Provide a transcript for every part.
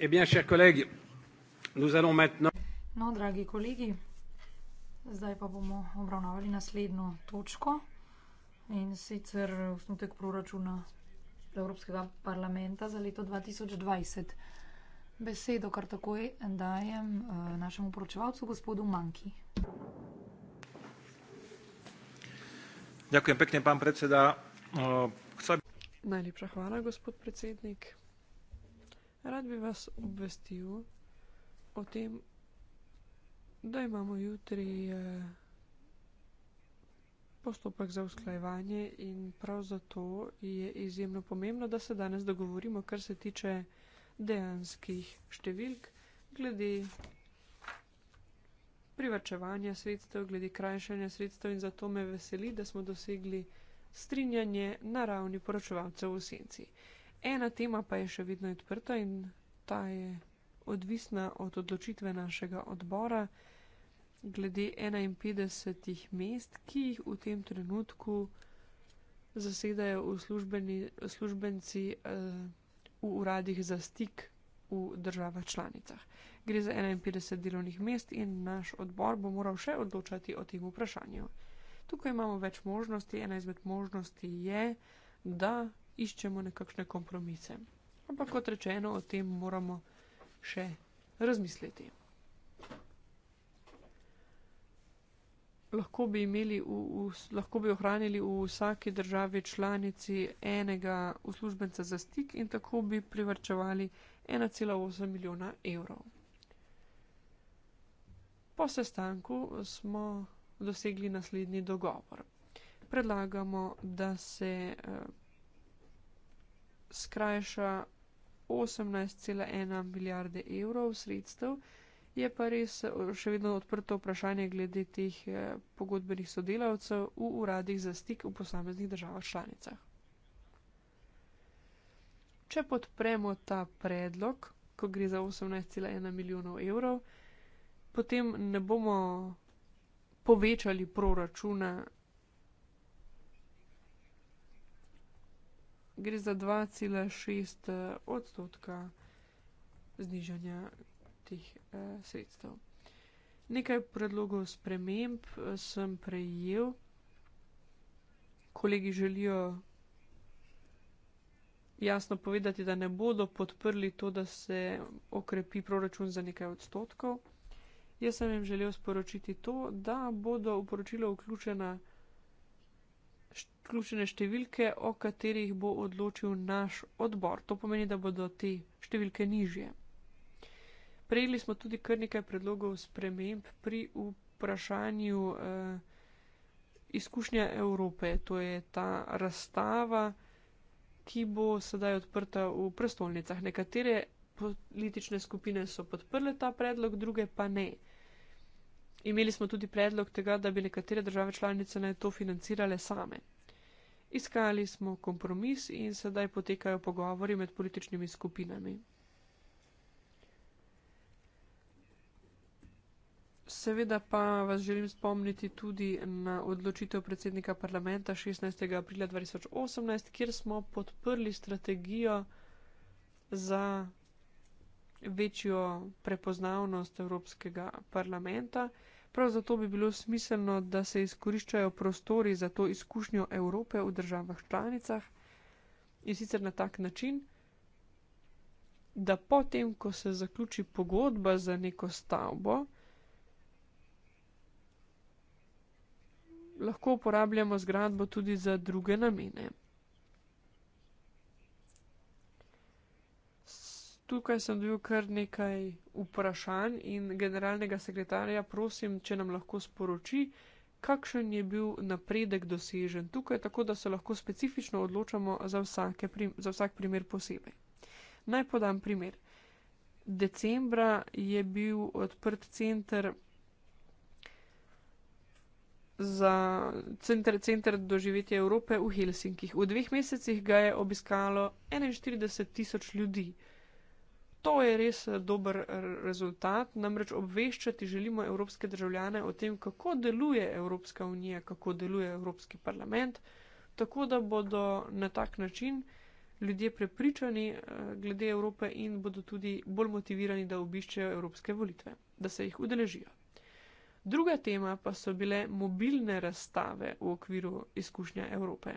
Eh bien, chers collègues, nous allons maintenant. No, dragi kolegi, zdaj pa bomo obravnavali naslednjo točko in sicer osnutek proračuna Evropskega parlamenta za leto 2020. Besedo kar takoj dajem eh, našemu poročevalcu, gospodu Manki. Ďakujem pekne, pán predseda. Eh, chcel... Najlepša hvala, gospod predsednik. Rad bi vas obvestil o tem, da imamo jutri eh, postopek za usklajevanje in prav zato je izjemno pomembno, da se danes dogovorimo, kar se tiče dejanskih številk, glede privrčevanja sredstev, glede krajšanja sredstev in zato me veseli, da smo dosegli strinjanje na ravni poročevalcev v senci. Ena tema pa je še vedno odprta in ta je odvisna od odločitve našega odbora glede 51 mest, ki jih v tem trenutku zasedajo službenci eh, v uradih za stik v državah članicah. Gre za 51 delovnih mest in naš odbor bo moral še odločati o tem vprašanju. Tukaj imamo več možnosti. Ena izmed možnosti je, da iščemo nekakšne kompromise. Ampak kot rečeno, o tem moramo še razmisliti. Lahko bi, imeli, v, v, lahko bi ohranili v vsaki državi članici enega uslužbenca za stik in tako bi privrčevali 1,8 milijona evrov. Po sestanku smo dosegli naslednji dogovor. Predlagamo, da se eh, skrajša 18,1 milijarde evrov sredstev. Je pa res eh, še vedno odprto vprašanje glede teh eh, pogodbenih sodelavcev v uradih za stik v posameznih državah članicah. Če podpremo ta predlog, ko gre za 18,1 milijonov evrov, potem ne bomo povečali proračuna gre za 2,6 eh, odstotka znižanja teh eh, sredstev. Nekaj predlogov sprememb eh, sem prejel. Kolegi želijo jasno povedati, da ne bodo podprli to, da se okrepi proračun za nekaj odstotkov. Jaz sem jim želel sporočiti to, da bodo v poročilo vključena vključene številke, o katerih bo odločil naš odbor. To pomeni, da bodo te številke nižje. Prejeli smo tudi kar nekaj predlogov sprememb pri vprašanju eh, izkušnja Evrope. To je ta razstava, ki bo sedaj odprta v prestolnicah. Nekatere politične skupine so podprle ta predlog, druge pa ne. Eh, Imeli smo tudi predlog tega, da bi nekatere države članice naj to financirale same. Iskali smo kompromis in sedaj potekajo pogovori med političnimi skupinami. Seveda pa vas želim spomniti tudi na odločitev predsednika parlamenta 16. aprila 2018, kjer smo podprli strategijo za večjo prepoznavnost Evropskega parlamenta. Prav zato bi bilo smiselno, da se izkoriščajo prostori za to izkušnjo Evrope v državah članicah in sicer na tak način, da potem, ko se zaključi pogodba za neko stavbo, lahko uporabljamo zgradbo tudi za druge namene. tukaj sem dobil kar nekaj vprašanj in generalnega sekretarja prosim, če nam lahko sporoči, kakšen je bil napredek dosežen tukaj, tako da se lahko specifično odločamo za, vsake, za vsak primer posebej. Naj podam primer. Decembra je bil odprt center. Za center, center doživetja Evrope v Helsinkih. V dveh mesecih ga je obiskalo 41 tisoč ljudi. To je res eh, dober eh, rezultat, namreč obveščati želimo evropske državljane o tem, kako deluje Evropska unija, kako deluje Evropski parlament, tako da bodo na tak način ljudje prepričani eh, glede Evrope in bodo tudi bolj motivirani, da obiščejo evropske volitve, da se jih udeležijo. Druga tema pa so bile mobilne razstave v okviru izkušnja Evrope.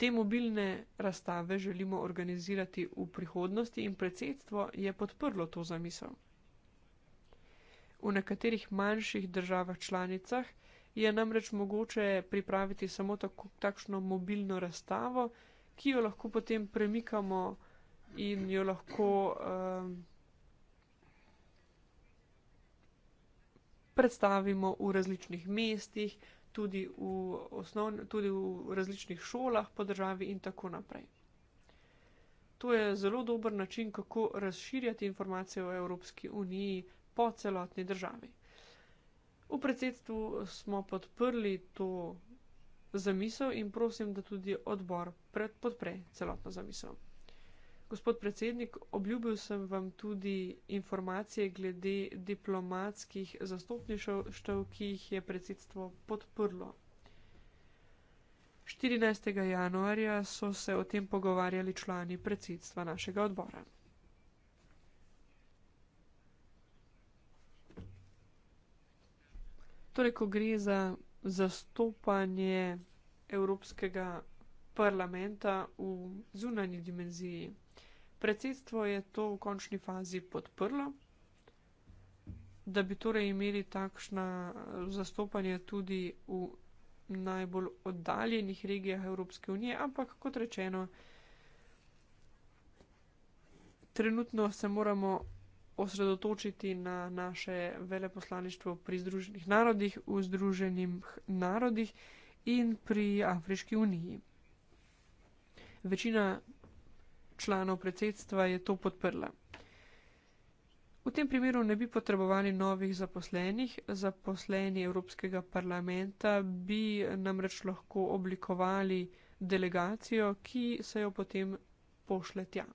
Te mobilne razstave želimo organizirati v prihodnosti in predsedstvo je podprlo to zamisel. V nekaterih manjših državah članicah je namreč mogoče pripraviti samo tako, takšno mobilno razstavo, ki jo lahko potem premikamo in jo lahko um, predstavimo v različnih mestih, tudi v, osnovni, tudi v različnih šolah po državi in tako naprej. To je zelo dober način, kako razširjati informacije o Evropski uniji po celotni državi. V predsedstvu smo podprli to zamisel in prosim, da tudi odbor podpre celotno zamisel. Gospod predsednik, obljubil sem vam tudi informacije glede diplomatskih zastopništev, ki jih je predsedstvo podprlo. 14. januarja so se o tem pogovarjali člani predsedstva našega odbora. Torej, ko gre za zastopanje Evropskega parlamenta v zunanji dimenziji predsedstvo je to v končni fazi podprlo, da bi torej imeli takšna eh, zastopanja tudi v najbolj oddaljenih regijah Evropske unije, ampak kot rečeno, trenutno se moramo osredotočiti na naše veleposlaništvo pri Združenih narodih, v Združenih narodih in pri Afriški uniji. Večina članov predsedstva je to podprla. V tem primeru ne bi potrebovali novih zaposlenih, zaposleni Evropskega parlamenta bi namreč lahko oblikovali delegacijo, ki se jo potem pošle tja.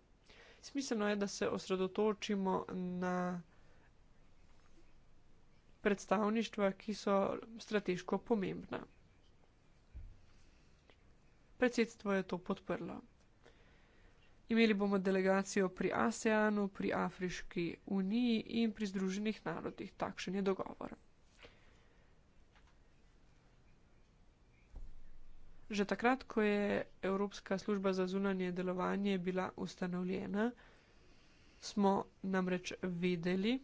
Smiselno je, da se osredotočimo na predstavništva, ki so strateško pomembna. Predsedstvo je to podprlo. Imeli bomo delegacijo pri ASEANu, pri Afriški uniji in pri Združenih narodih. Takšen je dogovor. Že takrat, ko je Evropska služba za zunanje delovanje bila ustanovljena, smo namreč vedeli,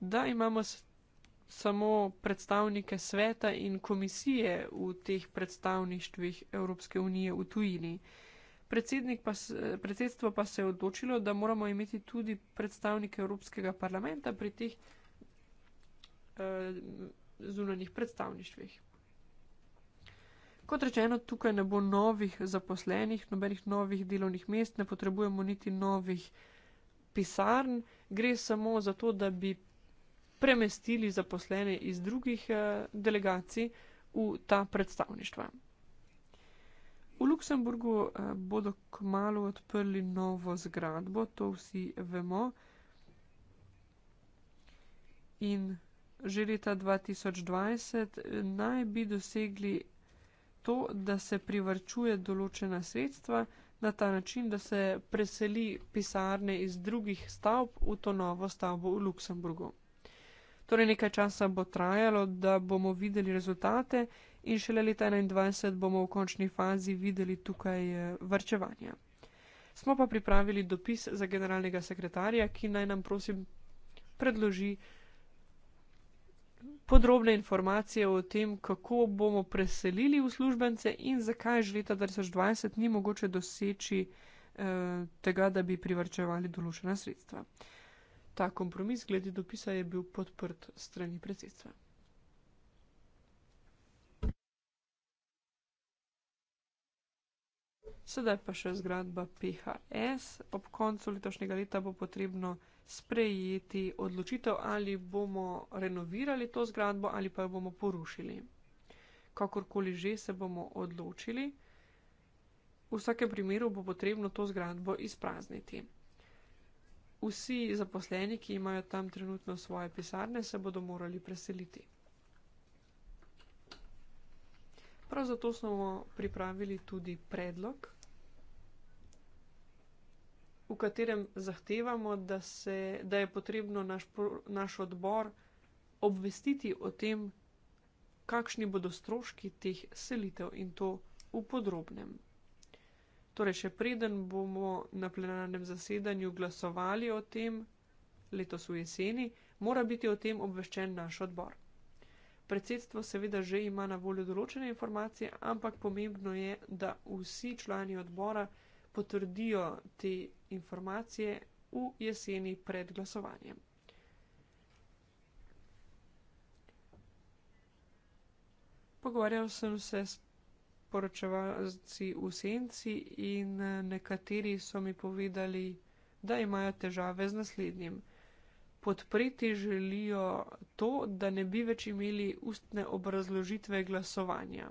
da imamo s samo predstavnike sveta in komisije v teh predstavništvih Evropske unije v tujini. Pa, predsedstvo pa se je odločilo, da moramo imeti tudi predstavnike Evropskega parlamenta pri teh uh, zunanjih predstavništvih. Kot rečeno, tukaj ne bo novih zaposlenih, nobenih novih delovnih mest, ne potrebujemo niti novih pisarn, gre samo za to, da bi premestili zaposlene iz drugih eh, delegacij v ta predstavništva. V Luksemburgu eh, bodo k malu odprli novo zgradbo, to vsi vemo. In že leta 2020 eh, naj bi dosegli to, da se privrčuje določena sredstva na ta način, da se preseli pisarne iz drugih stavb v to novo stavbo v Luksemburgu. Torej, nekaj časa bo trajalo, da bomo videli rezultate, in šele leta 2021 bomo v končni fazi videli tukaj eh, vrčevanje. Smo pa pripravili dopis za generalnega sekretarja, ki naj nam prosim predloži podrobne informacije o tem, kako bomo preselili uslužbence in zakaj že leta 2020 ni mogoče doseči eh, tega, da bi privrčevali določena sredstva. Ta kompromis glede dopisa je bil podprt strani predsedstva. Sedaj pa še zgradba PHS. Ob koncu letošnjega leta bo potrebno sprejeti odločitev, ali bomo renovirali to zgradbo ali pa jo bomo porušili. Kakorkoli že se bomo odločili, v vsakem primeru bo potrebno to zgradbo izprazniti. Vsi zaposleni, ki imajo tam trenutno svoje pisarne, se bodo morali preseliti. Prav zato smo pripravili tudi predlog, v katerem zahtevamo, da, se, da je potrebno naš, naš odbor obvestiti o tem, kakšni bodo stroški teh selitev in to v podrobnem. Torej, še preden bomo na plenarnem zasedanju glasovali o tem, letos v jeseni, mora biti o tem obveščen naš odbor. Predsedstvo seveda že ima na voljo določene informacije, ampak pomembno je, da vsi člani odbora potrdijo te informacije v jeseni pred glasovanjem. Pogovarjal sem se s poročevalci v senci in eh, nekateri so mi povedali, da imajo težave z naslednjim. Podpreti želijo to, da ne bi več imeli ustne obrazložitve glasovanja.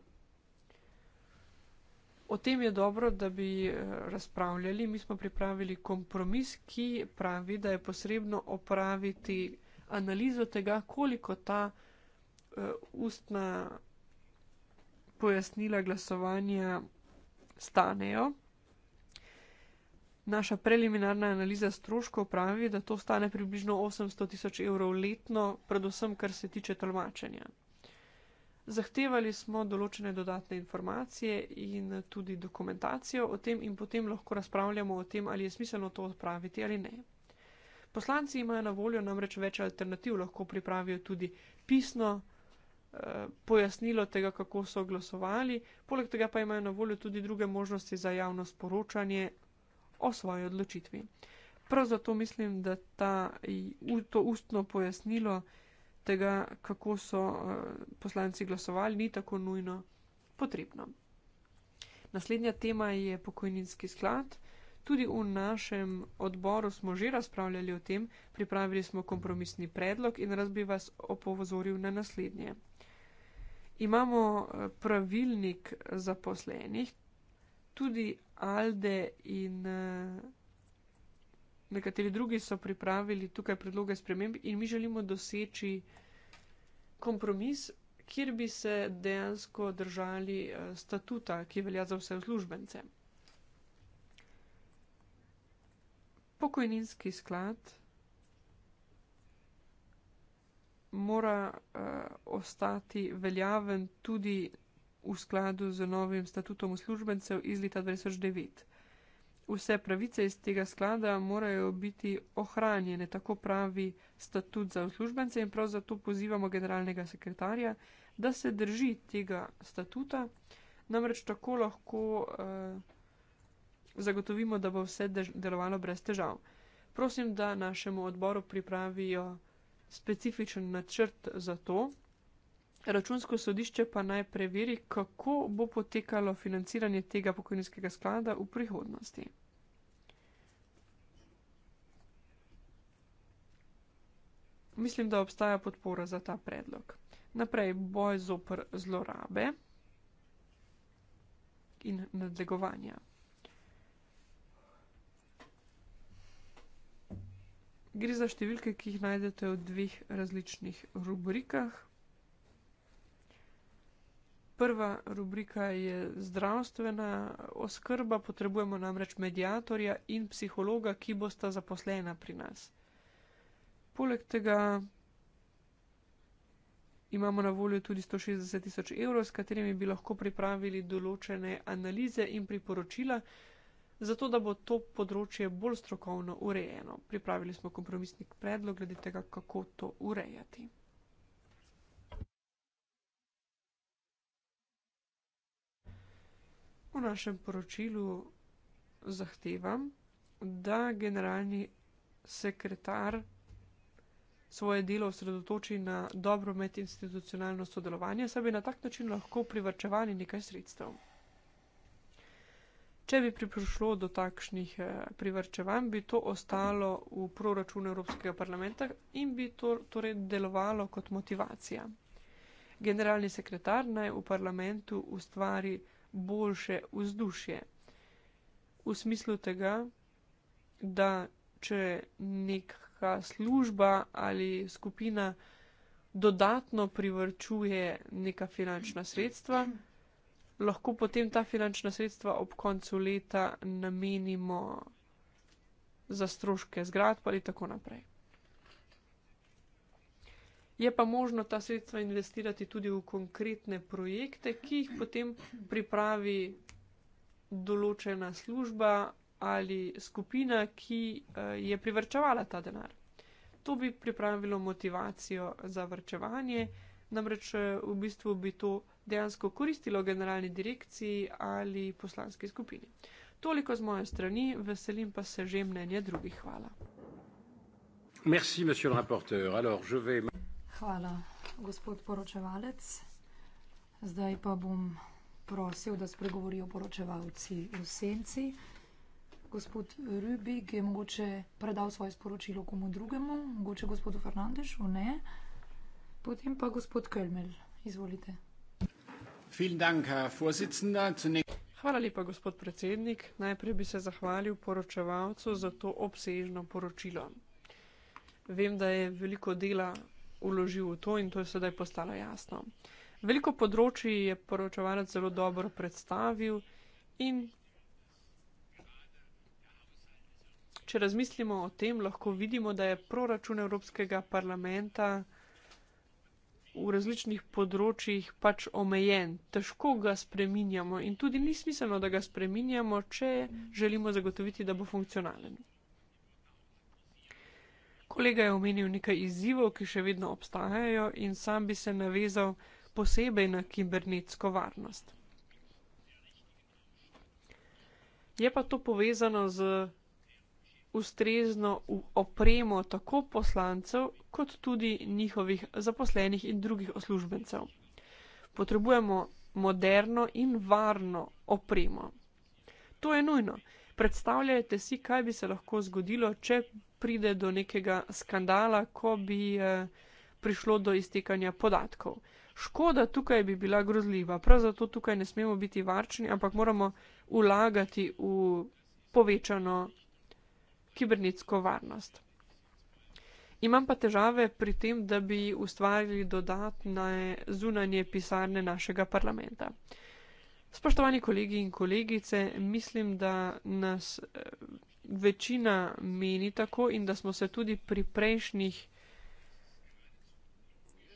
O tem je dobro, da bi eh, razpravljali. Mi smo pripravili kompromis, ki pravi, da je posrebno opraviti analizo tega, koliko ta uh, ustna pojasnila glasovanja stanejo. Naša preliminarna analiza stroškov pravi, da to stane približno 800 tisoč evrov letno, predvsem kar se tiče tolmačenja. Zahtevali smo določene dodatne informacije in tudi dokumentacijo o tem in potem lahko razpravljamo o tem, ali je smiselno to odpraviti ali ne. Poslanci imajo na voljo namreč več alternativ, lahko pripravijo tudi pisno pojasnilo tega, kako so glasovali, poleg tega pa imajo na voljo tudi druge možnosti za javno sporočanje o svoji odločitvi. Prav zato mislim, da ta, to ustno pojasnilo tega, kako so eh, poslanci glasovali, ni tako nujno potrebno. Naslednja tema je pokojninski sklad. Tudi v našem odboru smo že razpravljali o tem, pripravili smo kompromisni predlog in raz bi vas opozoril na naslednje imamo eh, pravilnik zaposlenih, tudi Alde in eh, nekateri drugi so pripravili tukaj predloge sprememb in mi želimo doseči kompromis, kjer bi se dejansko držali eh, statuta, ki velja za vse uslužbence. Pokojninski sklad mora uh, ostati veljaven tudi v skladu z novim statutom uslužbencev iz leta 2009. Vse pravice iz tega sklada morajo biti ohranjene, tako pravi statut za uslužbence in prav zato pozivamo generalnega sekretarja, da se drži tega statuta, namreč tako lahko uh, zagotovimo, da bo vse delovalo brez težav. Prosim, da našemu odboru pripravijo specifičen načrt za to. Računsko sodišče pa naj preveri, kako bo potekalo financiranje tega pokojninskega sklada v prihodnosti. Mislim, da obstaja podpora za ta predlog. Naprej boj zopr zlorabe in nadlegovanja. Gre za številke, ki jih najdete v dveh različnih rubrikah. Prva rubrika je zdravstvena oskrba, potrebujemo namreč medijatorja in psihologa, ki bosta zaposlena pri nas. Poleg tega imamo na voljo tudi 160 tisoč evrov, s katerimi bi lahko pripravili določene analize in priporočila. Zato, da bo to področje bolj strokovno urejeno, pripravili smo kompromisni predlog glede tega, kako to urejati. V našem poročilu zahtevam, da generalni sekretar svoje delo osredotoči na dobro medinstitucionalno sodelovanje, saj bi na tak način lahko privrčevali nekaj sredstev. Če bi prišlo do takšnih eh, privrčevanj, bi to ostalo v proračunu Evropskega parlamenta in bi to torej delovalo kot motivacija. Generalni sekretar naj v parlamentu ustvari boljše vzdušje v smislu tega, da če neka služba ali skupina dodatno privrčuje neka finančna sredstva, lahko potem ta finančna sredstva ob koncu leta namenimo za stroške zgradb ali tako naprej. Je pa možno ta sredstva investirati tudi v konkretne projekte, ki jih potem pripravi določena služba ali skupina, ki eh, je privrčevala ta denar. To bi pripravilo motivacijo za vrčevanje, namreč eh, v bistvu bi to dejansko koristilo generalni direkciji ali poslanski skupini. Toliko z moje strani, veselim pa se že mnenja drugih. Hvala. Merci, Alors, je vais... Hvala, gospod poročevalec. Zdaj pa bom prosil, da spregovorijo poročevalci v senci. Gospod Rubik je mogoče predal svoje sporočilo komu drugemu, mogoče gospodu Fernandešu, ne. Potem pa gospod Kölmel, izvolite. Hvala lepa, gospod predsednik. Najprej bi se zahvalil poročevalcu za to obsežno poročilo. Vem, da je veliko dela uložil v to in to je sedaj postalo jasno. Veliko področji je poročevalec zelo dobro predstavil in če razmislimo o tem, lahko vidimo, da je proračun Evropskega parlamenta v različnih področjih pač omejen, težko ga spreminjamo in tudi ni smiselno, da ga spreminjamo, če želimo zagotoviti, da bo funkcionalen. Kolega je omenil nekaj izzivov, ki še vedno obstajajo in sam bi se navezal posebej na kibernetsko varnost. Je pa to povezano z ustrezno opremo tako poslancev kot tudi njihovih zaposlenih in drugih uslužbencev. Potrebujemo moderno in varno opremo. To je nujno. Predstavljajte si, kaj bi se lahko zgodilo, če pride do nekega skandala, ko bi eh, prišlo do iztekanja podatkov. Škoda tukaj bi bila grozljiva, prav zato tukaj ne smemo biti varčni, ampak moramo vlagati v povečano kibernetsko varnost. Imam pa težave pri tem, da bi ustvarili dodatne zunanje pisarne našega parlamenta. Spoštovani kolegi in kolegice, mislim, da nas eh, večina meni tako in da smo se tudi pri prejšnjih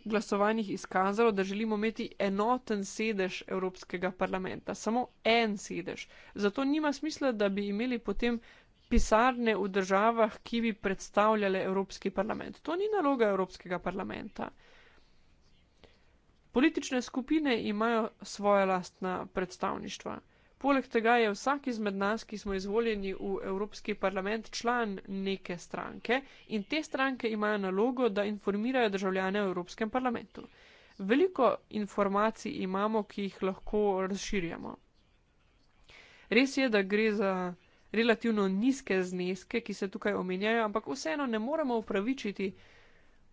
glasovanjih izkazali, da želimo imeti enoten sedež Evropskega parlamenta, samo en sedež. Zato nima smisla, da bi imeli potem pisarne v državah, ki bi predstavljale Evropski parlament. To ni naloga Evropskega parlamenta. Politične skupine imajo svoje lastna predstavništva. Poleg tega je vsak izmed nas, ki smo izvoljeni v Evropski parlament, član neke stranke in te stranke imajo nalogo, da informirajo državljane v Evropskem parlamentu. Veliko informacij imamo, ki jih lahko razširjamo. Res je, da gre za relativno nizke zneske, ki se tukaj omenjajo, ampak vseeno ne moremo upravičiti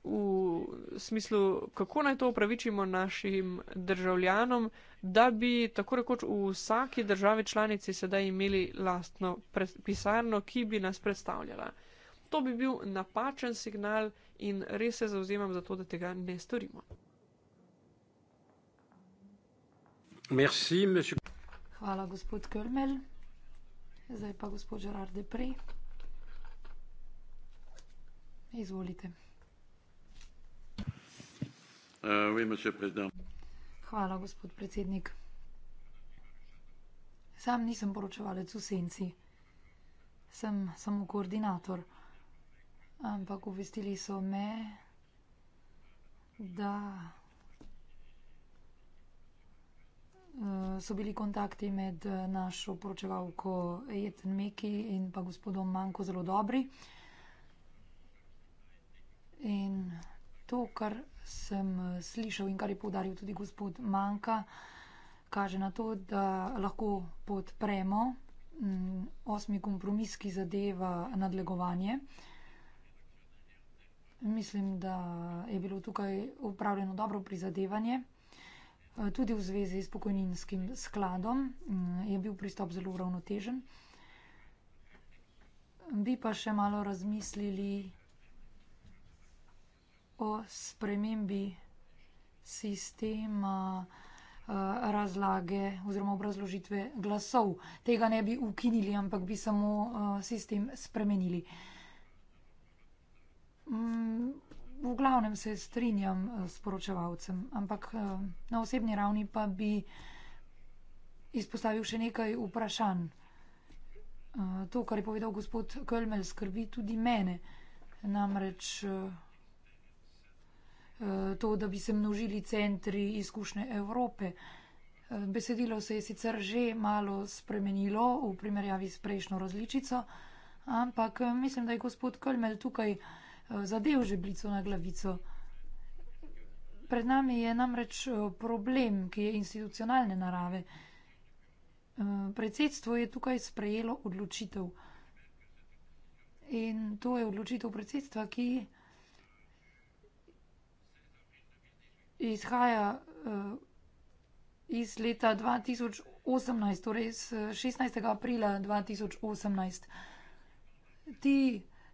v smislu, kako naj to upravičimo našim državljanom, da bi tako rekoč v vsaki državi članici sedaj imeli lastno pisarno, ki bi nas predstavljala. To bi bil napačen signal in res se zauzemam za to, da tega ne storimo. Merci, Hvala, gospod Krmel. Zdaj pa gospod Žerar Depri. Izvolite. Eh, Hvala, gospod predsednik. Sam nisem poročevalec v senci. Sem samo koordinator. Ampak obvestili so me, da Eh, so bili kontakti med eh, našo poročevalko Jeten Meki in pa gospodom Manko zelo dobri. In to, kar sem eh, slišal in kar je povdaril tudi gospod Manka, kaže na to, da lahko podpremo mm, osmi kompromis, ki zadeva nadlegovanje. Mislim, da je bilo tukaj upravljeno dobro prizadevanje. Eh, tudi v zvezi s pokojninskim skladom mm, je bil pristop zelo uravnotežen. Bi pa še malo razmislili o spremembi sistema eh, razlage oziroma obrazložitve glasov. Tega ne bi ukinili, ampak bi samo eh, sistem spremenili. Mm, v glavnem se strinjam eh, s poročevalcem, ampak eh, na osebni ravni pa bi izpostavil še nekaj vprašanj. Eh, to, kar je povedal gospod Kölmel, skrbi tudi mene. Namreč to, da bi se množili centri izkušnje Evrope. Besedilo se je sicer že malo spremenilo v primerjavi s prejšnjo različico, ampak mislim, da je gospod Kölmel tukaj. Eh, zadev žebljico na glavico. Pred nami je namreč eh, problem, ki je institucionalne narave. Eh, predsedstvo je tukaj sprejelo odločitev. In to je odločitev predsedstva, ki izhaja iz leta 2018, torej iz 16. aprila 2018. Ti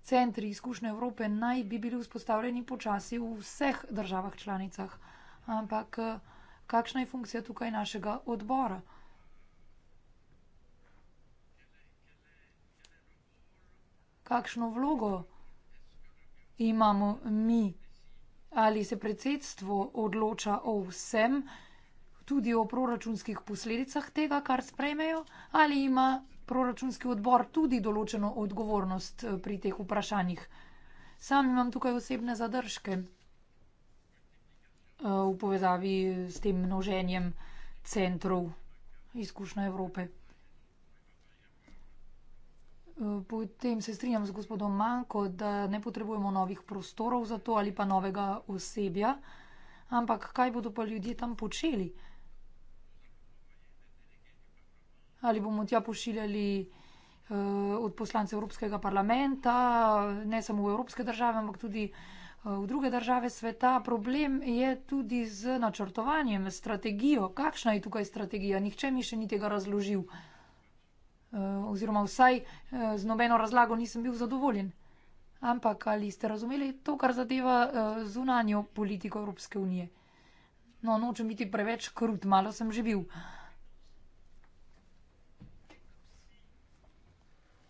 centri izkušnje Evrope naj bi bili vzpostavljeni počasi v vseh državah članicah. Ampak eh, kakšna je funkcija tukaj našega odbora? Kakšno vlogo imamo mi? Ali se predsedstvo odloča o vsem, tudi o proračunskih posledicah tega, kar sprejmejo, ali ima proračunski odbor tudi določeno odgovornost eh, pri teh vprašanjih. Sam imam tukaj osebne zadržke eh, v povezavi s tem množenjem centrov izkušnja Evrope. Eh, potem se strinjam z gospodom Manko, da ne potrebujemo novih prostorov za to ali pa novega osebja. Ampak kaj bodo pa ljudje tam počeli? ali bomo tja pošiljali uh, od poslancev Evropskega parlamenta, ne samo v Evropske države, ampak tudi uh, v druge države sveta. Problem je tudi z načrtovanjem, s strategijo. Kakšna je tukaj strategija? Nihče mi še ni tega razložil. Uh, oziroma, vsaj uh, z nobeno razlago nisem bil zadovoljen. Ampak ali ste razumeli to, kar zadeva uh, zunanjo politiko Evropske unije? No, nočem biti preveč krut, malo sem že bil. Uh,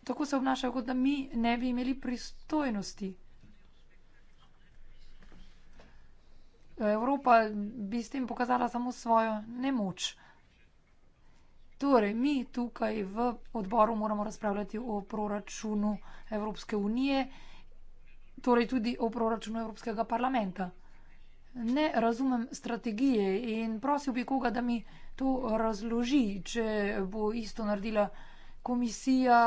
tako se obnašajo, kot da mi ne bi imeli pristojnosti. Evropa bi s tem pokazala samo svojo nemoč. Torej, mi tukaj v odboru moramo razpravljati o proračunu Evropske unije, torej tudi o proračunu Evropskega parlamenta. Ne razumem strategije in prosil bi koga, da mi to razloži, če bo isto naredila komisija,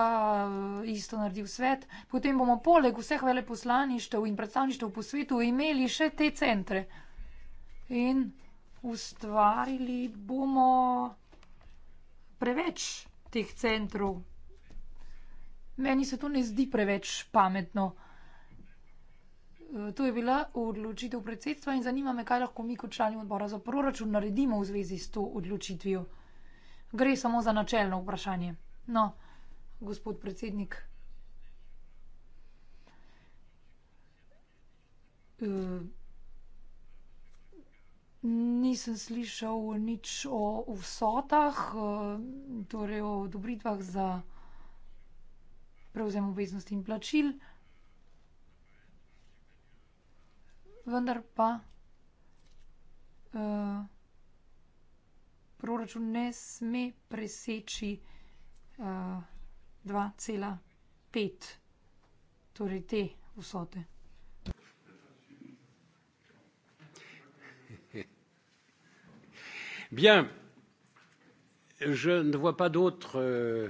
eh, isto naredil svet. Potem bomo poleg vseh veleposlaništev in predstavništev po svetu imeli še te centre. In ustvarili bomo preveč teh centrov. Meni se to ne zdi preveč pametno. Eh, to je bila odločitev predsedstva in zanima me, kaj lahko mi kot člani odbora za proračun naredimo v zvezi s to odločitvijo. Gre samo za načelno vprašanje. No, gospod predsednik. E, nisem slišal nič o vsotah, e, torej o odobritvah za prevzem obveznosti in plačil. Vendar pa e, proračun ne sme preseči Eh, dva cela pet. Torej te vsote. Bien. Je ne vois pas euh,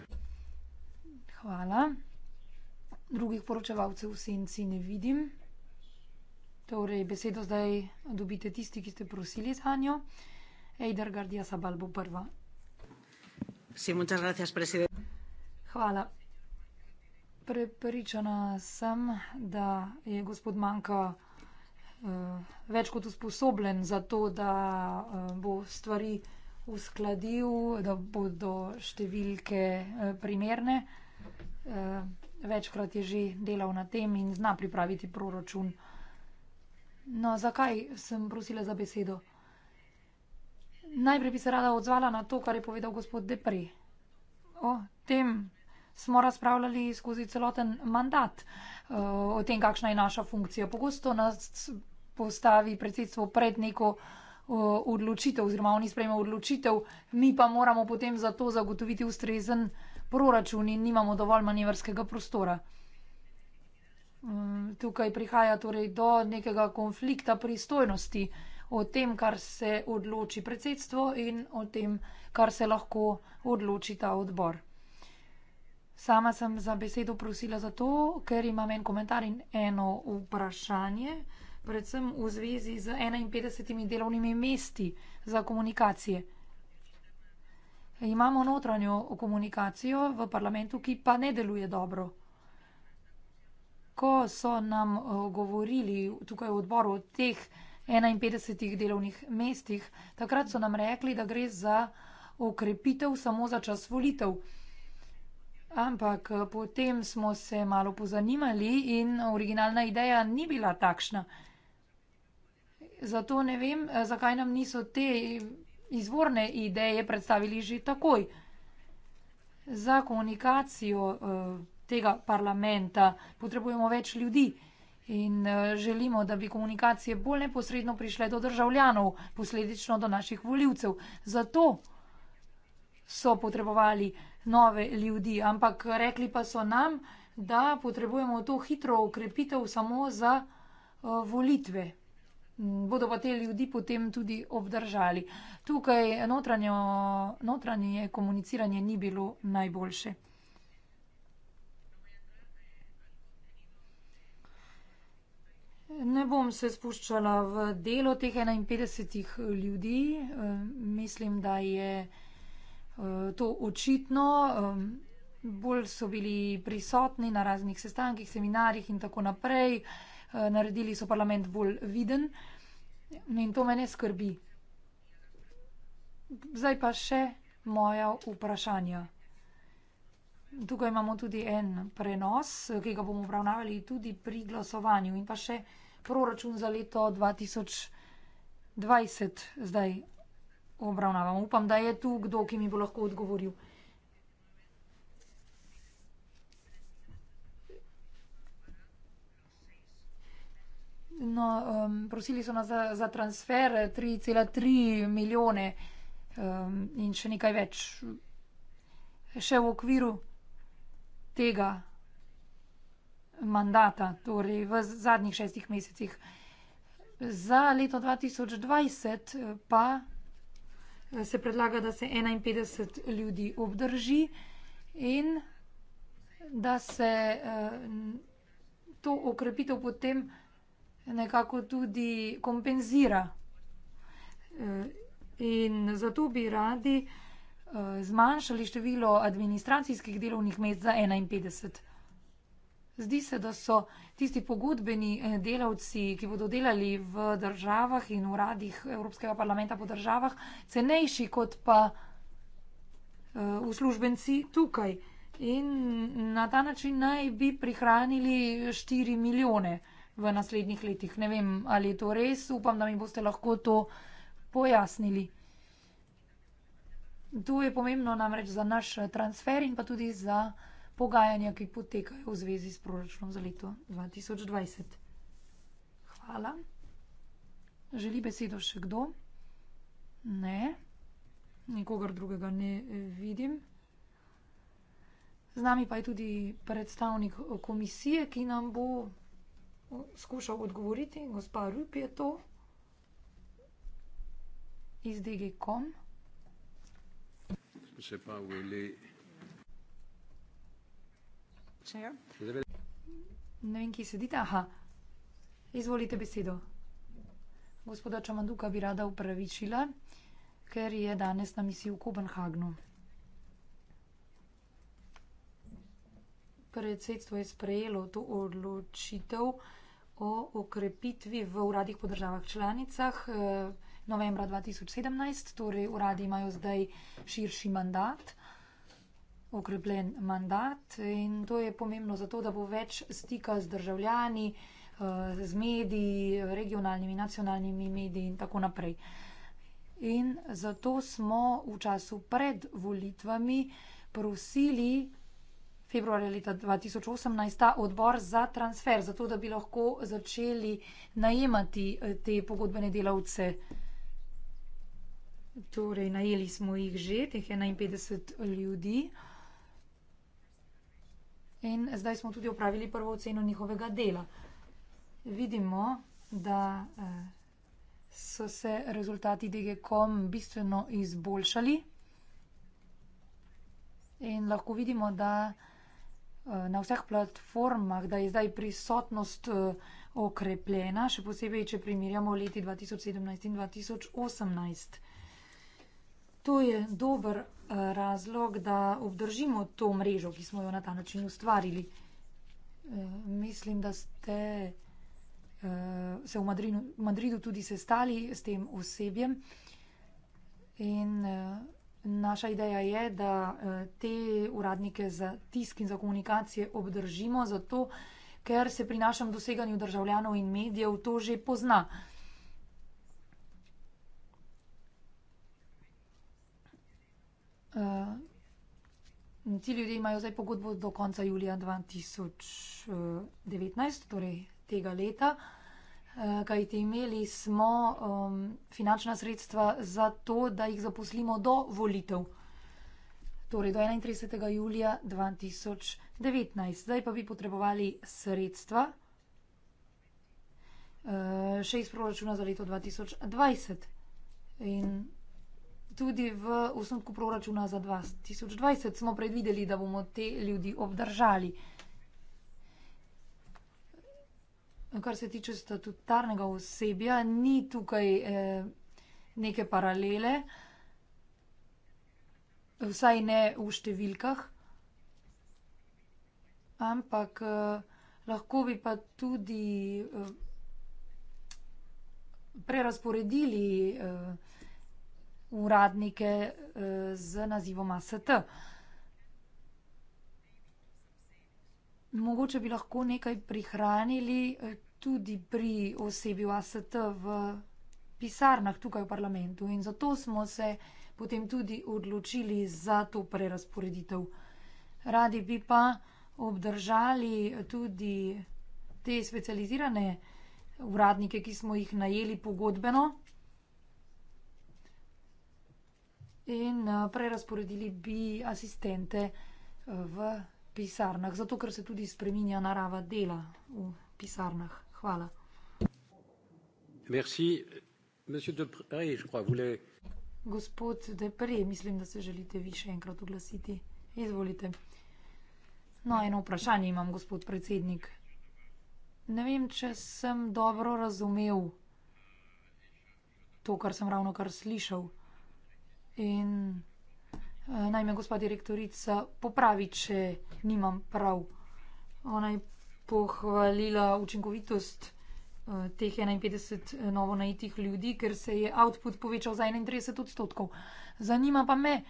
Hvala. Drugih poročevalcev v senci ne vidim. Torej, besedo zdaj dobite tisti, ki ste prosili za njo. Eider Gardija Sabal bo prva. Hvala. Prepričana sem, da je gospod Manka eh, več kot usposobljen za to, da eh, bo stvari uskladil, da bodo številke eh, primerne. Večkrat je že delal na tem in zna pripraviti proračun. No, zakaj sem prosila za besedo? Najprej bi se rada odzvala na to, kar je povedal gospod Depri. O tem smo razpravljali skozi celoten mandat, eh, o tem, kakšna je naša funkcija. Pogosto nas postavi predsedstvo pred neko eh, odločitev oziroma oni sprejme odločitev, mi pa moramo potem za to zagotoviti ustrezen proračun in nimamo dovolj manevrskega prostora. Mm, tukaj prihaja torej do nekega konflikta pristojnosti o tem, kar se odloči predsedstvo in o tem, kar se lahko odloči ta odbor. Sama sem za besedo prosila zato, ker imam en komentar in eno vprašanje, predvsem v zvezi z 51 delovnimi mesti za komunikacije. Imamo notranjo komunikacijo v parlamentu, ki pa ne deluje dobro. Ko so nam eh, govorili tukaj v odboru o teh 51 delovnih mestih. Takrat so nam rekli, da gre za okrepitev samo za čas volitev. Ampak eh, potem smo se malo pozanimali in originalna ideja ni bila takšna. Zato ne vem, eh, zakaj nam niso te izvorne ideje predstavili že takoj. Za komunikacijo eh, tega parlamenta potrebujemo več ljudi. In eh, želimo, da bi komunikacije bolj neposredno prišle do državljanov, posledično do naših voljivcev. Zato so potrebovali nove ljudi, ampak rekli pa so nam, da potrebujemo to hitro ukrepitev samo za eh, volitve. Bodo pa te ljudi potem tudi obdržali. Tukaj notranje komuniciranje ni bilo najboljše. Ne bom se spuščala v delo teh 51 ljudi. Eh, mislim, da je eh, to očitno. Eh, bolj so bili prisotni na raznih sestankih, seminarjih in tako naprej. Naredili so parlament bolj viden in to me ne skrbi. Zdaj pa še moja vprašanja. Tukaj imamo tudi en prenos, ki ga bomo obravnavali tudi pri glasovanju in pa še proračun za leto 2020 zdaj obravnavamo. Upam, da je tu kdo, ki mi bo lahko odgovoril. No, um, prosili so nas za, za transfer 3,3 milijone um, in še nekaj več. Še v okviru tega mandata, torej v zadnjih šestih mesecih. Za leto 2020 eh, pa eh, se predlaga, da se 51 ljudi obdrži in da se eh, to okrepitev potem nekako tudi kompenzira. In zato bi radi zmanjšali število administracijskih delovnih mest za 51 ljudi. Zdi se, da so tisti pogodbeni eh, delavci, ki bodo delali v državah in uradih Evropskega parlamenta po državah, cenejši kot pa eh, uslužbenci tukaj. In na ta način naj bi prihranili 4 milijone v naslednjih letih. Ne vem, ali je to res, upam, da mi boste lahko to pojasnili. To je pomembno namreč za naš eh, transfer in pa tudi za pogajanja, ki potekajo v zvezi s proračunom za leto 2020. Hvala. Želi besedo še kdo? Ne, nikogar drugega ne eh, vidim. Z nami pa je tudi predstavnik eh, komisije, ki nam bo skušal odgovoriti. Gospa Rup je to iz DG.com. Se pa veli. Ne vem, ki sedite. Aha, izvolite besedo. Gospoda Čamanduka bi rada upravičila, ker je danes na misiji v Kopenhagnu. Predsedstvo je sprejelo to odločitev o okrepitvi v uradih po državah članicah eh, novembra 2017, torej uradi imajo zdaj širši mandat ogrebljen mandat in to je pomembno zato, da bo več stika z državljani, eh, z mediji, regionalnimi, nacionalnimi mediji in tako naprej. In zato smo v času pred volitvami prosili februarja leta 2018 ta odbor za transfer, zato da bi lahko začeli najemati eh, te pogodbene delavce. Torej, najeli smo jih že, teh 51 ljudi. In zdaj smo tudi upravili prvo oceno njihovega dela. Vidimo, da eh, so se rezultati DGCOM bistveno izboljšali in lahko vidimo, da eh, na vseh platformah, da je zdaj prisotnost eh, okrepljena, še posebej, če primirjamo leti 2017 in 2018. To je dober razlog, da obdržimo to mrežo, ki smo jo na ta način ustvarili. E, mislim, da ste e, se v Madridu, Madridu tudi sestali s tem osebjem. In e, naša ideja je, da te uradnike za tisk in za komunikacije obdržimo, zato ker se pri našem doseganju državljanov in medijev to že pozna. Eh, ti ljudje imajo zdaj pogodbo do konca julija 2019, eh, torej tega leta. Eh, kajti imeli smo um, finančna sredstva za to, da jih zaposlimo do volitev, torej do 31. julija 2019. Zdaj pa bi potrebovali sredstva uh, še iz proračuna za leto 2020. In tudi v osnutku proračuna za 2020 smo predvideli, da bomo te ljudi obdržali. Kar se tiče statutarnega osebja, ni tukaj eh, neke paralele, vsaj ne v številkah, ampak eh, lahko bi pa tudi eh, prerasporedili vsega, uradnike eh, z nazivom AST. Mogoče bi lahko nekaj prihranili eh, tudi pri osebi v AST v pisarnah tukaj v parlamentu in zato smo se potem tudi odločili za to prerasporeditev. Radi bi pa obdržali tudi te specializirane uradnike, ki smo jih najeli pogodbeno. in eh, prerasporedili bi asistente eh, v pisarnah, zato ker se tudi spreminja narava dela v pisarnah. Hvala. Merci. Depré, je crois, voulez... Gospod Depre, mislim, da se želite vi še enkrat oglasiti. Izvolite. No, eno vprašanje imam, gospod predsednik. Ne vem, če sem dobro razumel to, kar sem ravno kar slišal in eh, naj me gospa direktorica popravi, če nimam prav. Ona je pohvalila učinkovitost eh, teh 51 eh, novo najitih ljudi, ker se je output povečal za 31 odstotkov. Zanima pa me,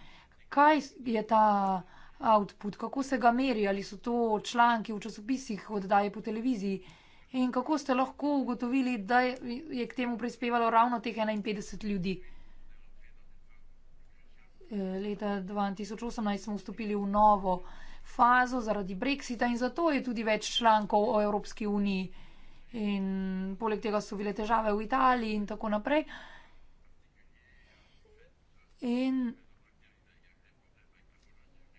kaj je ta output, kako se ga meri, ali so to članki v časopisih, oddaje po televiziji in kako ste lahko ugotovili, da je k temu prispevalo ravno teh 51 ljudi leta 2018 smo vstopili v novo fazo zaradi Brexita in zato je tudi več člankov o Evropski uniji. In poleg tega so bile težave v Italiji in tako naprej. In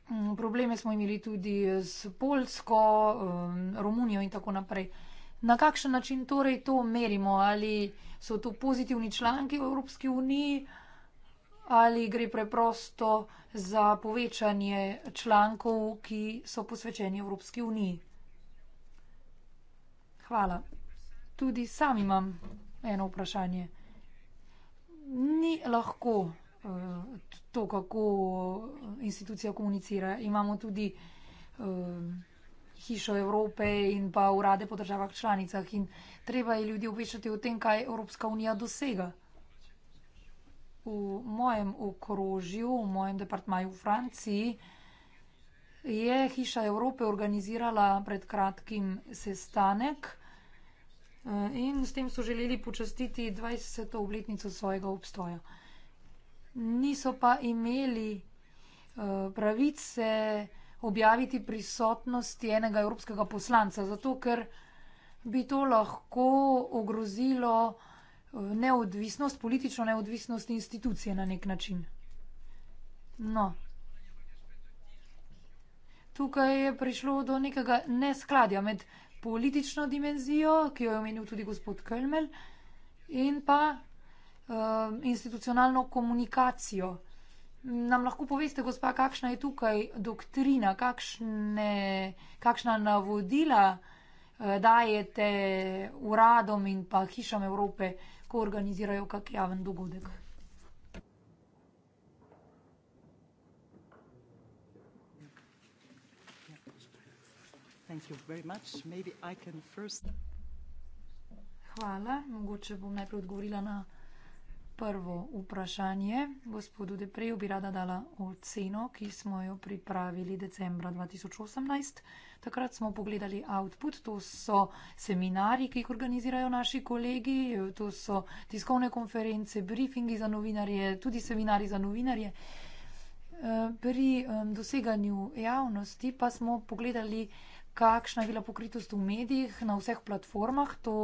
mm, probleme smo imeli tudi s Polsko, mm, Romunijo in tako naprej. Na kakšen način torej to merimo? Ali so to pozitivni članki v Evropski uniji? ali gre preprosto za povečanje člankov, ki so posvečeni Evropski uniji? Hvala. Tudi sam imam eno vprašanje. Ni lahko eh, to, kako eh, institucija komunicira. Imamo tudi eh, hišo Evrope in pa urade po državah članicah in treba je ljudi obveščati o tem, kaj Evropska unija dosega v mojem okrožju, v mojem departmaju v Franciji, je Hiša Evrope organizirala pred kratkim sestanek eh, in s tem so želeli počastiti 20. obletnico svojega obstoja. Niso pa imeli eh, pravice objaviti prisotnosti enega evropskega poslanca, zato ker bi to lahko ogrozilo neodvisnost, politično neodvisnost institucije na nek način. No. Tukaj je prišlo do nekega neskladja med politično dimenzijo, ki jo je omenil tudi gospod Kölmel, in pa uh, institucionalno komunikacijo. Nam lahko poveste, gospa, kakšna je tukaj doktrina, kakšne, kakšna navodila uh, dajete uradom in pa hišam Evrope, ko organizirajo kak javen dogodek. Hvala, mogoče bom najprej odgovorila na prvo vprašanje. Gospodu Depreju bi rada dala oceno, ki smo jo pripravili decembra 2018. Takrat smo pogledali output, to so seminari, ki jih organizirajo naši kolegi, to so tiskovne konference, briefingi za novinarje, tudi seminari za novinarje. Eh, pri doseganju javnosti pa smo pogledali, kakšna je bila pokritost v medijih na vseh platformah. To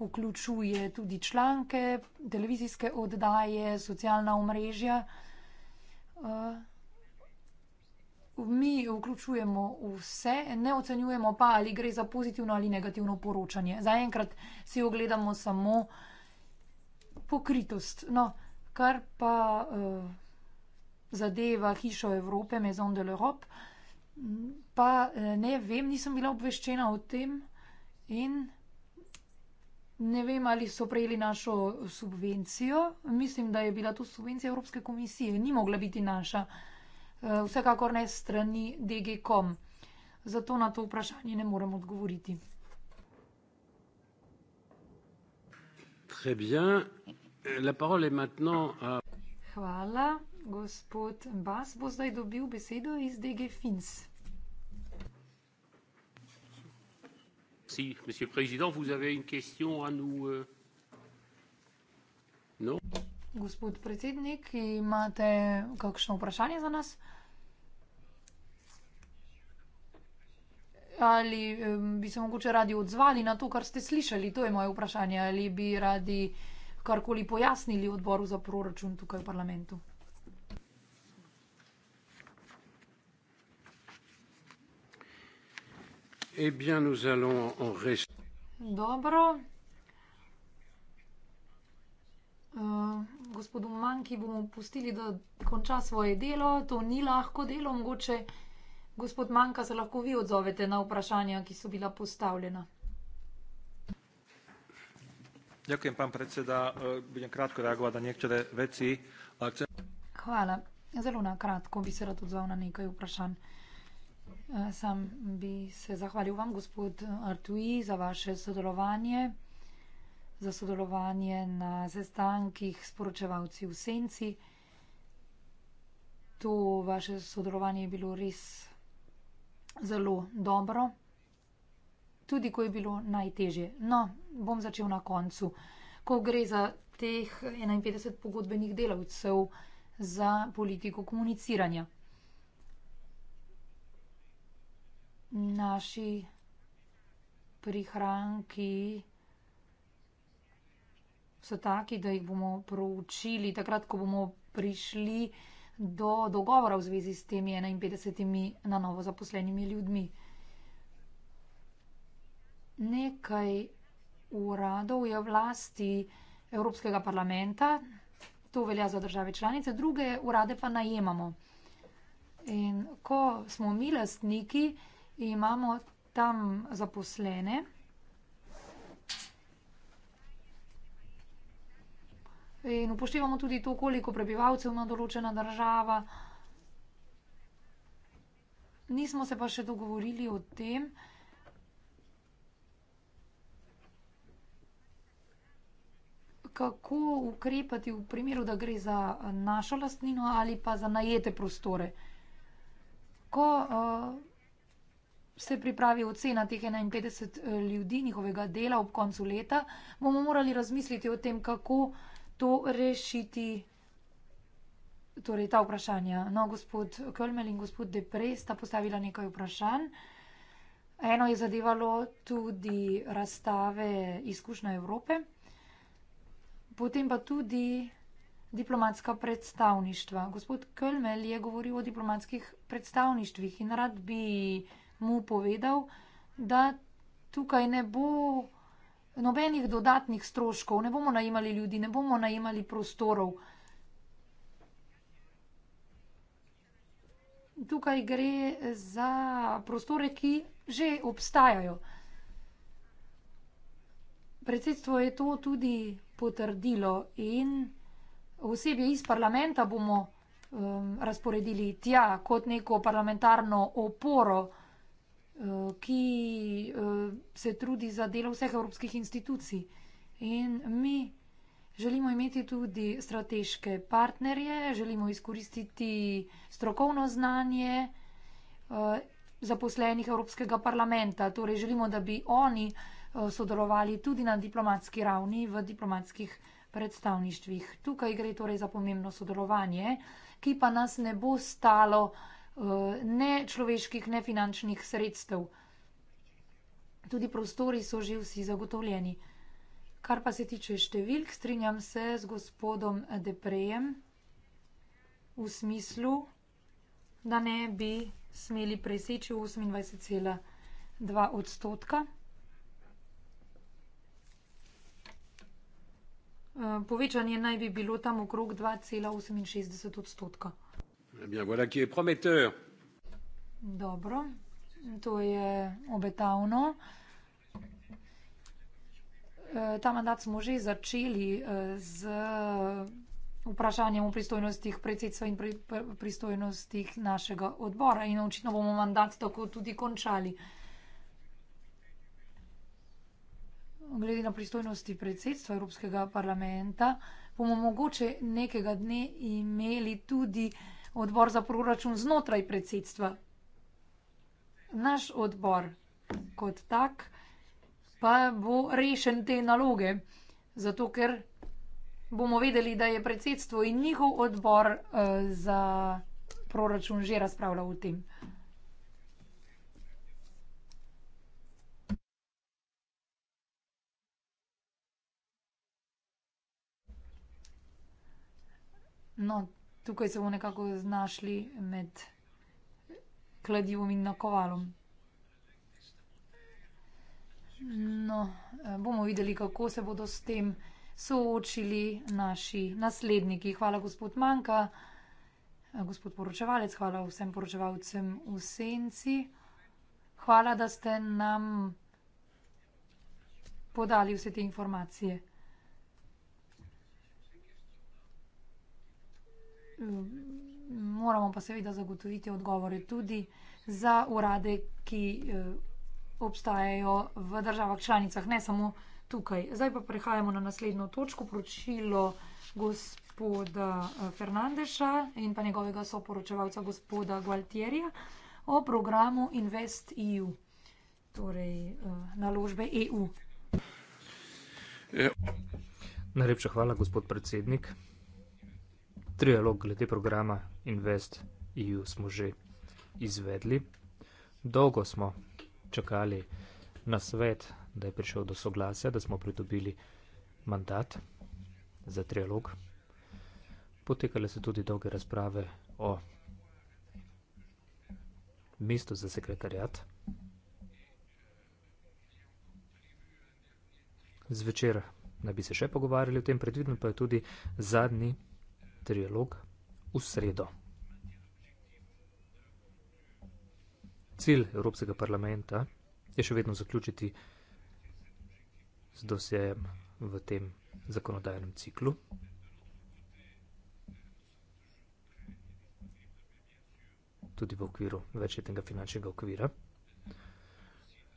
vključuje tudi članke, televizijske oddaje, socialna omrežja. Eh, mi vključujemo vse, ne ocenjujemo pa, ali gre za pozitivno ali negativno poročanje. Zaenkrat si ogledamo samo pokritost. No, kar pa uh, zadeva hišo Evrope, Maison de l'Europe, pa uh, ne vem, nisem bila obveščena o tem in. Ne vem, ali so prejeli našo subvencijo. Mislim, da je bila to subvencija Evropske komisije, ni mogla biti naša. Eh, vsekakor ne strani DGCOM. Zato na to vprašanje ne morem odgovoriti. Hvala. Gospod Bas bo zdaj dobil besedo iz DG Fins. Merci, Monsieur le Président, vous avez une question à nous euh... Non Gospod predsednik, imate kakšno vprašanje za nas? Ali bi se mogoče radi odzvali na to, kar ste slišali? To je moje vprašanje. Ali bi radi karkoli pojasnili odboru za proračun tukaj v parlamentu? Eh bien, nous allons en rester. Dobro. Uh, gospodu Manki bomo pustili, da konča svoje delo. To ni lahko delo, mogoče gospod Manka se lahko vi odzovete na vprašanja, ki so bila postavljena. Dakujem, pan predseda. Uh, Budem kratko reagovati na nekatere veci. Akce... Eh, Hvala. Zelo na kratko bi se rad odzval na nekaj vprašanj. Uh, Eh, sam bi se zahvalil vam, gospod Artui, za vaše sodelovanje, za sodelovanje na sestankih s poročevalci v Senci. To vaše sodelovanje je bilo res zelo dobro, tudi ko je bilo najtežje. No, bom začel na koncu. Ko gre za teh 51 pogodbenih delavcev za politiko komuniciranja. naši prihranki so taki, da jih bomo proučili takrat, ko bomo prišli do dogovora v zvezi s temi 51 na novo zaposlenimi ljudmi. Nekaj uradov je v lasti Evropskega parlamenta, to velja za države članice, druge urade pa najemamo. In ko smo mi lastniki, imamo tam zaposlene. In upoštevamo tudi to, koliko prebivalcev ima določena država. Nismo se pa še dogovorili o tem, kako ukrepati v primeru, da gre za našo lastnino ali pa za najete prostore. Ko uh, se pripravi ocena teh 51 eh, ljudi, njihovega dela ob koncu leta, bomo morali razmisliti o tem, kako to rešiti. Torej, ta vprašanja. No, gospod Kölmel in gospod Deprej sta postavila nekaj vprašanj. Eno je zadevalo tudi razstave izkušnja Evrope, potem pa tudi diplomatska predstavništva. Gospod Kölmel je govoril o diplomatskih predstavništvih in rad bi uh, mu povedal, da tukaj ne bo nobenih dodatnih stroškov, ne bomo najemali ljudi, ne bomo najemali prostorov. Tukaj gre za prostore, ki že obstajajo. Predsedstvo je to tudi potrdilo in osebje iz parlamenta bomo um, razporedili tja kot neko parlamentarno oporo. Eh, ki eh, se trudi za delo vseh evropskih institucij. In mi želimo imeti tudi strateške partnerje, želimo izkoristiti strokovno znanje eh, zaposlenih Evropskega parlamenta. Torej želimo, da bi oni sodelovali tudi na diplomatski ravni v diplomatskih predstavništvih. Tukaj gre torej za pomembno sodelovanje, ki pa nas ne bo stalo ne človeških, ne finančnih sredstev. Tudi prostori so že vsi zagotovljeni. Kar pa se tiče številk, strinjam se z gospodom Deprejem v smislu, da ne bi smeli preseči 28,2 odstotka. Povečanje naj bi bilo tam okrog 2,68 odstotka. Eh voilà qui est prometteur. Dobro, to je obetavno. Eh, ta mandat smo že začeli eh, z vprašanjem o pristojnostih predsedstva in pristojnostih našega odbora in očitno bomo mandat tako tudi končali. Glede na pristojnosti predsedstva Evropskega parlamenta bomo mogoče nekega dne imeli tudi odbor za proračun znotraj predsedstva. Naš odbor kot tak pa bo rešen te naloge, zato ker bomo vedeli, da je predsedstvo in njihov odbor eh, za proračun že razpravljal o tem. No, tukaj se bo nekako znašli med kladivom in nakovalom. No, eh, bomo videli, kako se bodo s tem soočili naši nasledniki. Hvala, gospod Manka, eh, gospod poročevalec, hvala vsem poročevalcem v senci. Hvala, da ste nam podali vse te informacije. moramo pa seveda zagotoviti odgovore tudi za urade, ki eh, obstajajo v državah članicah, ne samo tukaj. Zdaj pa prehajamo na naslednjo točko, poročilo gospoda eh, Fernandeša in pa njegovega soporočevalca gospoda Gualtierja o programu Invest EU, torej eh, naložbe EU. Najlepša hvala, gospod predsednik trialog glede programa Invest EU smo že izvedli. Dolgo smo čakali na svet, da je prišel do soglasja, da smo pridobili mandat za trialog. Potekale so tudi dolge razprave o mestu za sekretarjat. Zvečer naj bi se še pogovarjali o tem, predvidno pa je tudi zadnji trilog v sredo. Cilj Evropskega parlamenta je še vedno zaključiti z dosjejem v tem zakonodajnem ciklu. Tudi v okviru večletnega finančnega okvira.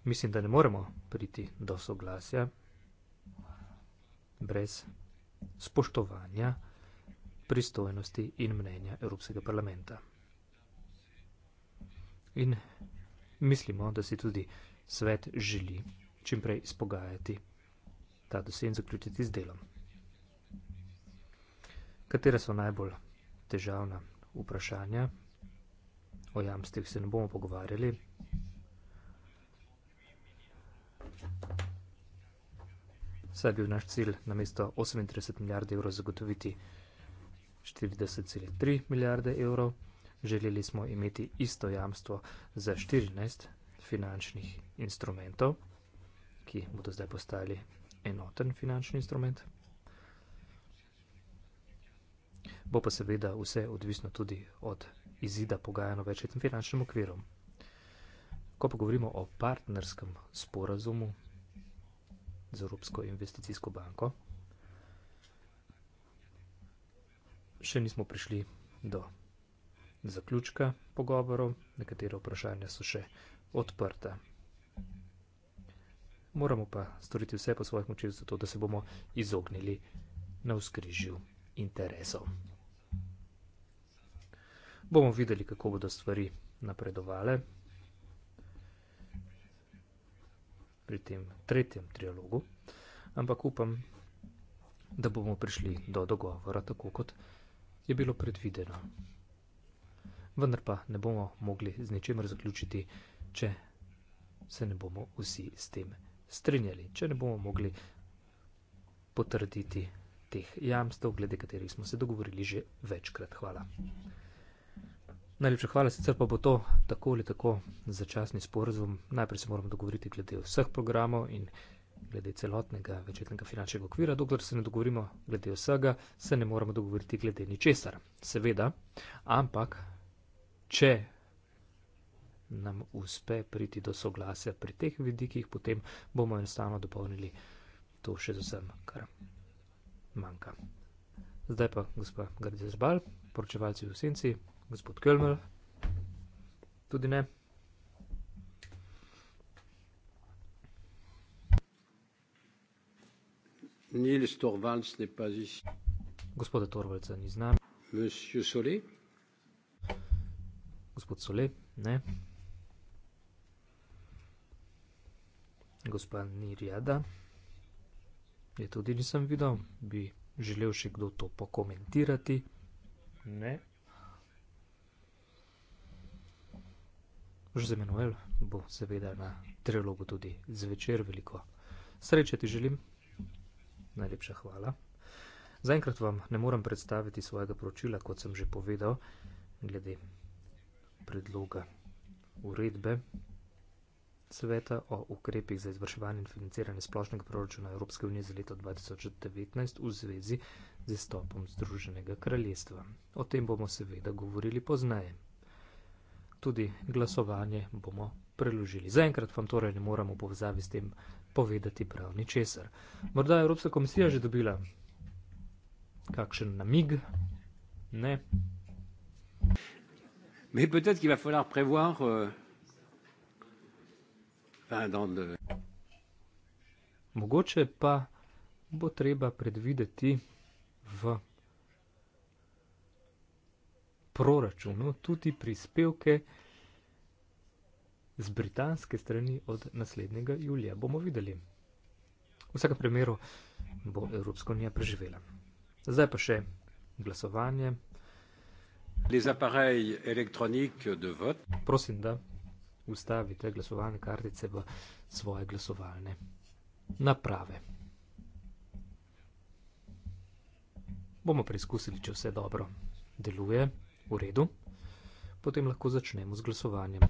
Mislim, da ne moremo priti do soglasja brez spoštovanja pristojnosti in mnenja Evropskega parlamenta. In mislimo, da si tudi svet želi čimprej izpogajati ta dosej in zaključiti z delom. Katera so najbolj težavna vprašanja? O jamstvih se ne bomo pogovarjali. Saj je bil naš cilj na mesto 38 milijard evrov zagotoviti 40,3 milijarde evrov, želeli smo imeti isto jamstvo za 14 finančnih instrumentov, ki bodo zdaj postali enoten finančni instrument. Bo pa seveda vse odvisno tudi od izida pogajano večetnim finančnim okvirom. Ko pa govorimo o partnerskem sporazumu z Evropsko investicijsko banko, še nismo prišli do zaključka pogovorov, nekatere vprašanja so še odprta. Moramo pa storiti vse po svojih močeh, zato da se bomo izognili na vzkrižju interesov. Bomo videli, kako bodo stvari napredovale pri tem tretjem trialogu, ampak upam, da bomo prišli do dogovora tako kot vsega je bilo predvideno. Vendar pa ne bomo mogli z ničemer zaključiti, če se ne bomo vsi s tem strinjali, če ne bomo mogli potrditi teh jamstev, glede katerih smo se dogovorili že večkrat. Hvala. Najlepša hvala, sicer pa bo to tako ali tako začasni sporozum. Najprej se moramo dogovoriti glede vseh programov in glede celotnega večetnega finančnega okvira, dokler se ne dogovorimo glede vsega, se ne moramo dogovoriti glede ničesar. Seveda, ampak če nam uspe priti do soglasja pri teh vidikih, potem bomo enostavno dopolnili to še z vsem, kar manjka. Zdaj pa gospa Gardizbal, poročevalci v senci, gospod Kölmel, tudi ne. Nils Torvalds ne pa ziš. Gospoda Torvalca ni znam. Monsieur Solé? Gospod Solé, ne. Gospa Nirjada? Je tudi nisem videl, bi želel še kdo to pokomentirati? Ne. Že Manuel bo seveda na trilogu tudi zvečer veliko. Sreče ti želim. Najlepša hvala. Zaenkrat vam ne morem predstaviti svojega poročila, kot sem že povedal, glede predloga uredbe sveta o ukrepih za izvrševanje in financiranje splošnega proračuna Evropske unije za leto 2019 v zvezi z izstopom Združenega kraljestva. O tem bomo seveda govorili poznaje. Tudi glasovanje bomo preložili. Zaenkrat vam torej ne moremo povzaviti s tem povedati prav ničesar. Morda je Evropska komisija že dobila kakšen namig? Ne. Mais peut-être qu'il va falloir prévoir euh, enfin, dans le... Mogoče pa bo treba predvideti v proračunu tudi prispevke, ki z britanske strani od naslednjega julija. Bomo videli. V vsakem primeru bo Evropska unija preživela. Zdaj pa še glasovanje. Les appareils électroniques de vote. Prosim, da ustavite glasovalne kartice v svoje glasovalne naprave. Bomo preizkusili, če vse dobro deluje, v redu. Potem lahko začnemo z glasovanjem.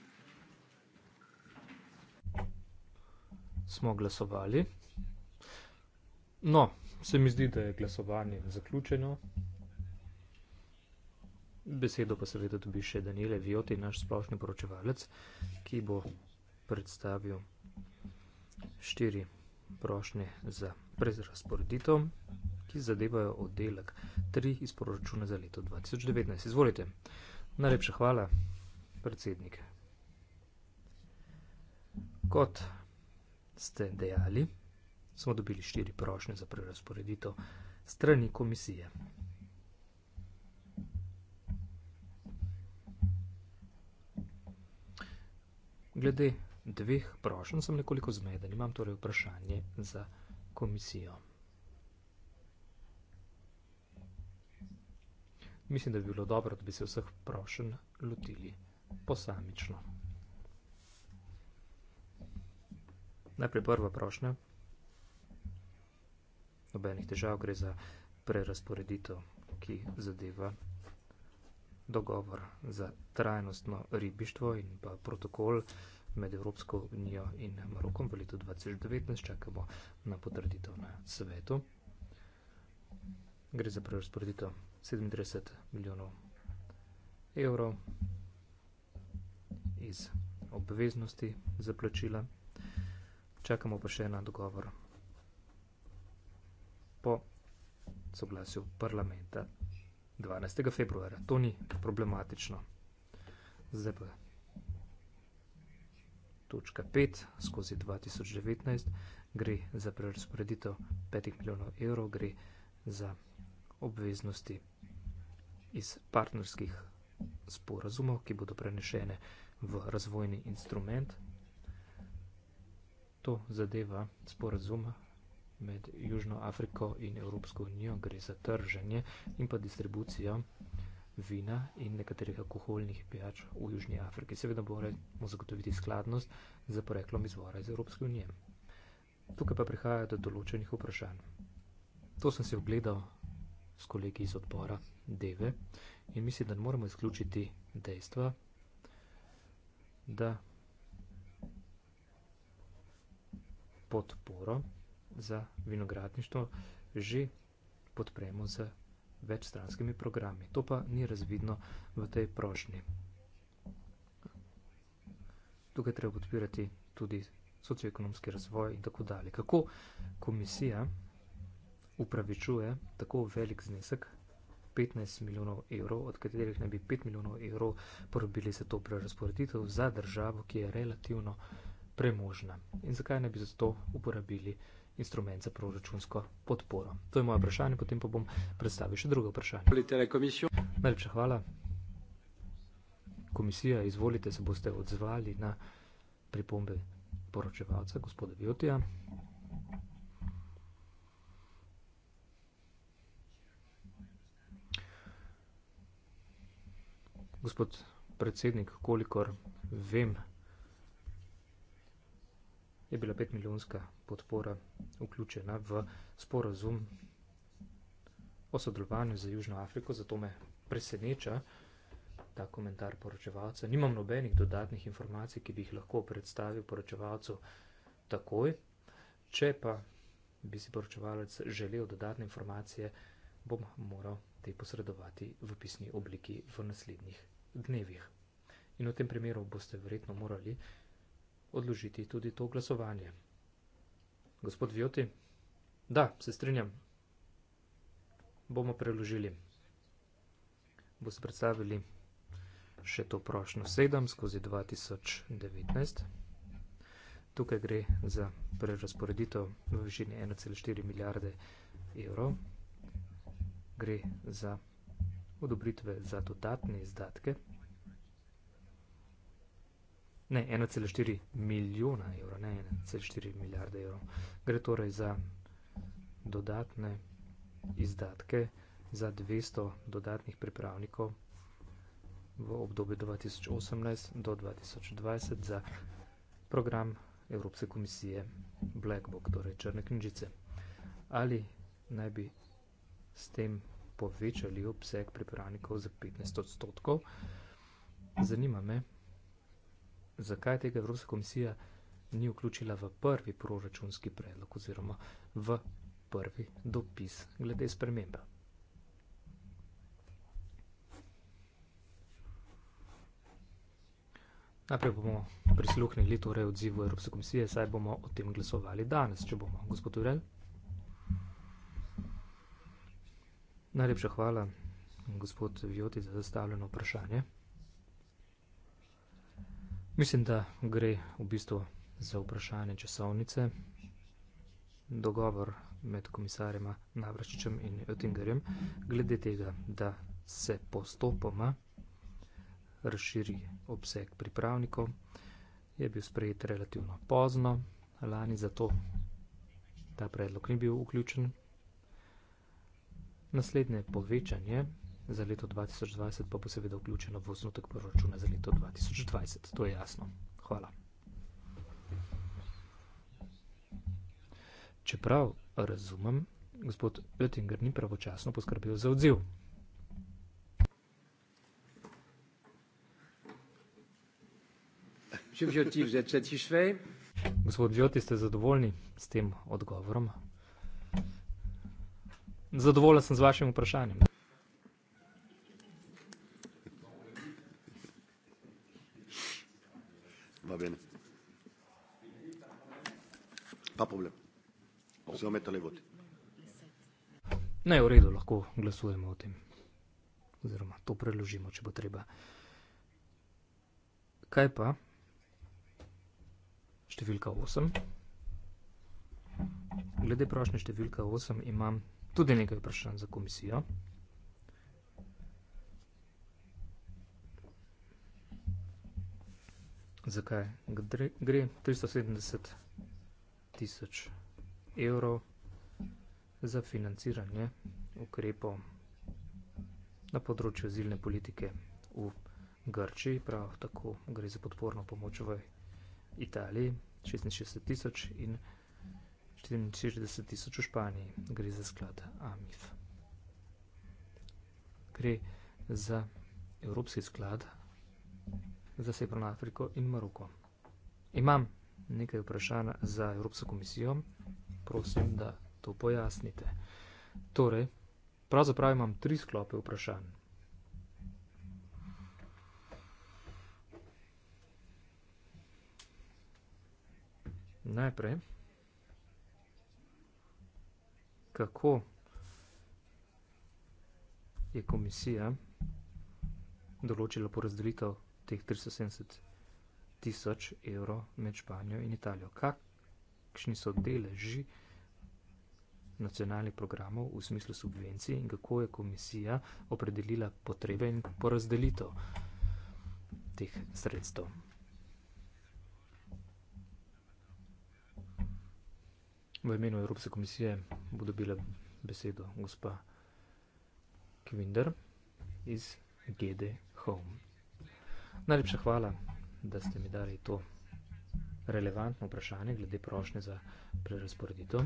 smo glasovali. No, se mi zdi, da je glasovanje zaključeno. Besedo pa seveda dobi še Daniele Vioti, naš splošni poročevalec, ki bo predstavil štiri prošnje za prezrasporeditev, ki zadevajo oddelek 3 iz poročuna za leto 2019. Izvolite. Najlepša hvala, predsednik. Kot ste dejali, smo dobili štiri prošnje za prerasporeditev strani komisije. Glede dveh prošen sem nekoliko zmeden, imam torej vprašanje za komisijo. Mislim, da bi bilo dobro, da bi se vseh prošen lotili posamično. Najprej prva prošnja. Nobenih težav gre za prerasporeditev, ki zadeva dogovor za trajnostno ribištvo in pa protokol med Evropsko unijo in Marokom v letu 2019. Čakamo na potrditev na svetu. Gre za prerasporeditev 37 milijonov evrov iz obveznosti za plačila čakamo pa še na dogovor po soglasju parlamenta 12. februarja. To ni problematično. Zdaj pa. Točka 5 skozi 2019 gre za prerasporeditev 5 milijonov evrov, gre za obveznosti iz partnerskih sporazumov, ki bodo prenešene v razvojni instrument to zadeva sporazum med Južno Afriko in Evropsko unijo, gre za trženje in pa distribucijo vina in nekaterih alkoholnih pijač v Južni Afriki. Seveda moramo zagotoviti skladnost z poreklom izvora iz Evropske unije. Tukaj pa prihaja do določenih vprašanj. To sem si ogledal s kolegi iz odbora Deve in mislim, da ne moramo izključiti dejstva, da podporo za vinogradništvo že podpremo z večstranskimi programi. To pa ni razvidno v tej prošnji. Tukaj treba podpirati tudi socioekonomski razvoj in tako dalje. Kako komisija upravičuje tako velik znesek, 15 milijonov evrov, od katerih naj bi 5 milijonov evrov porobili za to prerasporeditev za državo, ki je relativno vsega premožna. In zakaj ne bi zato uporabili instrument za proračunsko podporo? To je moje vprašanje, potem pa bom predstavil še drugo vprašanje. Najlepša hvala. Komisija, izvolite, se boste odzvali na pripombe poročevalca, gospoda Vjotija. Gospod predsednik, kolikor vem, je bila 5 milijonska podpora vključena v sporazum o sodelovanju za Južno Afriko, zato me preseneča ta komentar poročevalca. Nimam nobenih dodatnih informacij, ki bi jih lahko predstavil poročevalcu takoj. Če pa bi si poročevalec želel dodatne informacije, bom moral te posredovati v pisni obliki v naslednjih dnevih. In v tem primeru boste verjetno morali odložiti tudi to glasovanje. Gospod Vjoti? Da, se strinjam. Bomo preložili. Bo se predstavili še to prošno 7 skozi 2019. Tukaj gre za prerasporeditev v višini 1,4 milijarde evrov. Gre za odobritve za dodatne izdatke ne 1,4 milijona evrov, ne 1,4 milijarde evrov. Gre torej za dodatne izdatke za 200 dodatnih pripravnikov v obdobju 2018 do 2020 za program Evropske komisije Black Book, torej Črne knjižice. Ali naj bi s tem povečali obseg pripravnikov za 15 odstotkov? Zanima me zakaj tega Evropska komisija ni vključila v prvi proračunski predlog oziroma v prvi dopis glede spremembe. Najprej bomo prisluhnili torej odzivu Evropske komisije, saj bomo o tem glasovali danes, če bomo. Gospod Urel? Najlepša hvala, gospod Vjoti, za zastavljeno vprašanje. Mislim, da gre v bistvu za vprašanje časovnice. Dogovor med komisarjem Navračičem in Oettingerjem glede tega, da se postopoma razširi obseg pripravnikov, je bil sprejet relativno pozno lani, zato ta predlog ni bil vključen. Naslednje povečanje za leto 2020, pa bo seveda vključeno v osnutek proračuna za leto 2020. To je jasno. Hvala. Čeprav razumem, gospod Oettinger ni pravočasno poskrbel za odziv. Gospod Vjoti, ste zadovoljni s tem odgovorom? Zadovoljen sem z vašim vprašanjem. va bene. Pa problem. Se ometa le voti. Ne, v redu, lahko glasujemo o tem. Oziroma, to preložimo, če bo treba. Kaj pa? Številka 8. Glede prošnje številka 8 imam tudi nekaj vprašanj za komisijo. zakaj gre 370 tisoč evrov za financiranje ukrepov na področju azilne politike v Grči, prav tako gre za podporno pomoč v Italiji 66 tisoč in 64 tisoč v Španiji gre za sklad AMIF. Gre za Evropski sklad za Severno Afriko in Maroko. Imam nekaj vprašanj za Evropsko komisijo, prosim, da to pojasnite. Torej, pravzaprav imam tri sklope vprašanj. Najprej, kako je komisija določila porazdelitev teh 370 tisoč evrov med Španijo in Italijo. Kakšni so deleži nacionalnih programov v smislu subvencij in kako je komisija opredelila potrebe in porazdelitev teh sredstev? V imenu Evropske komisije bo dobila besedo gospa Kvinder iz GD Home. Najlepša hvala, da ste mi dali to relevantno vprašanje glede prošnje za prerasporeditev.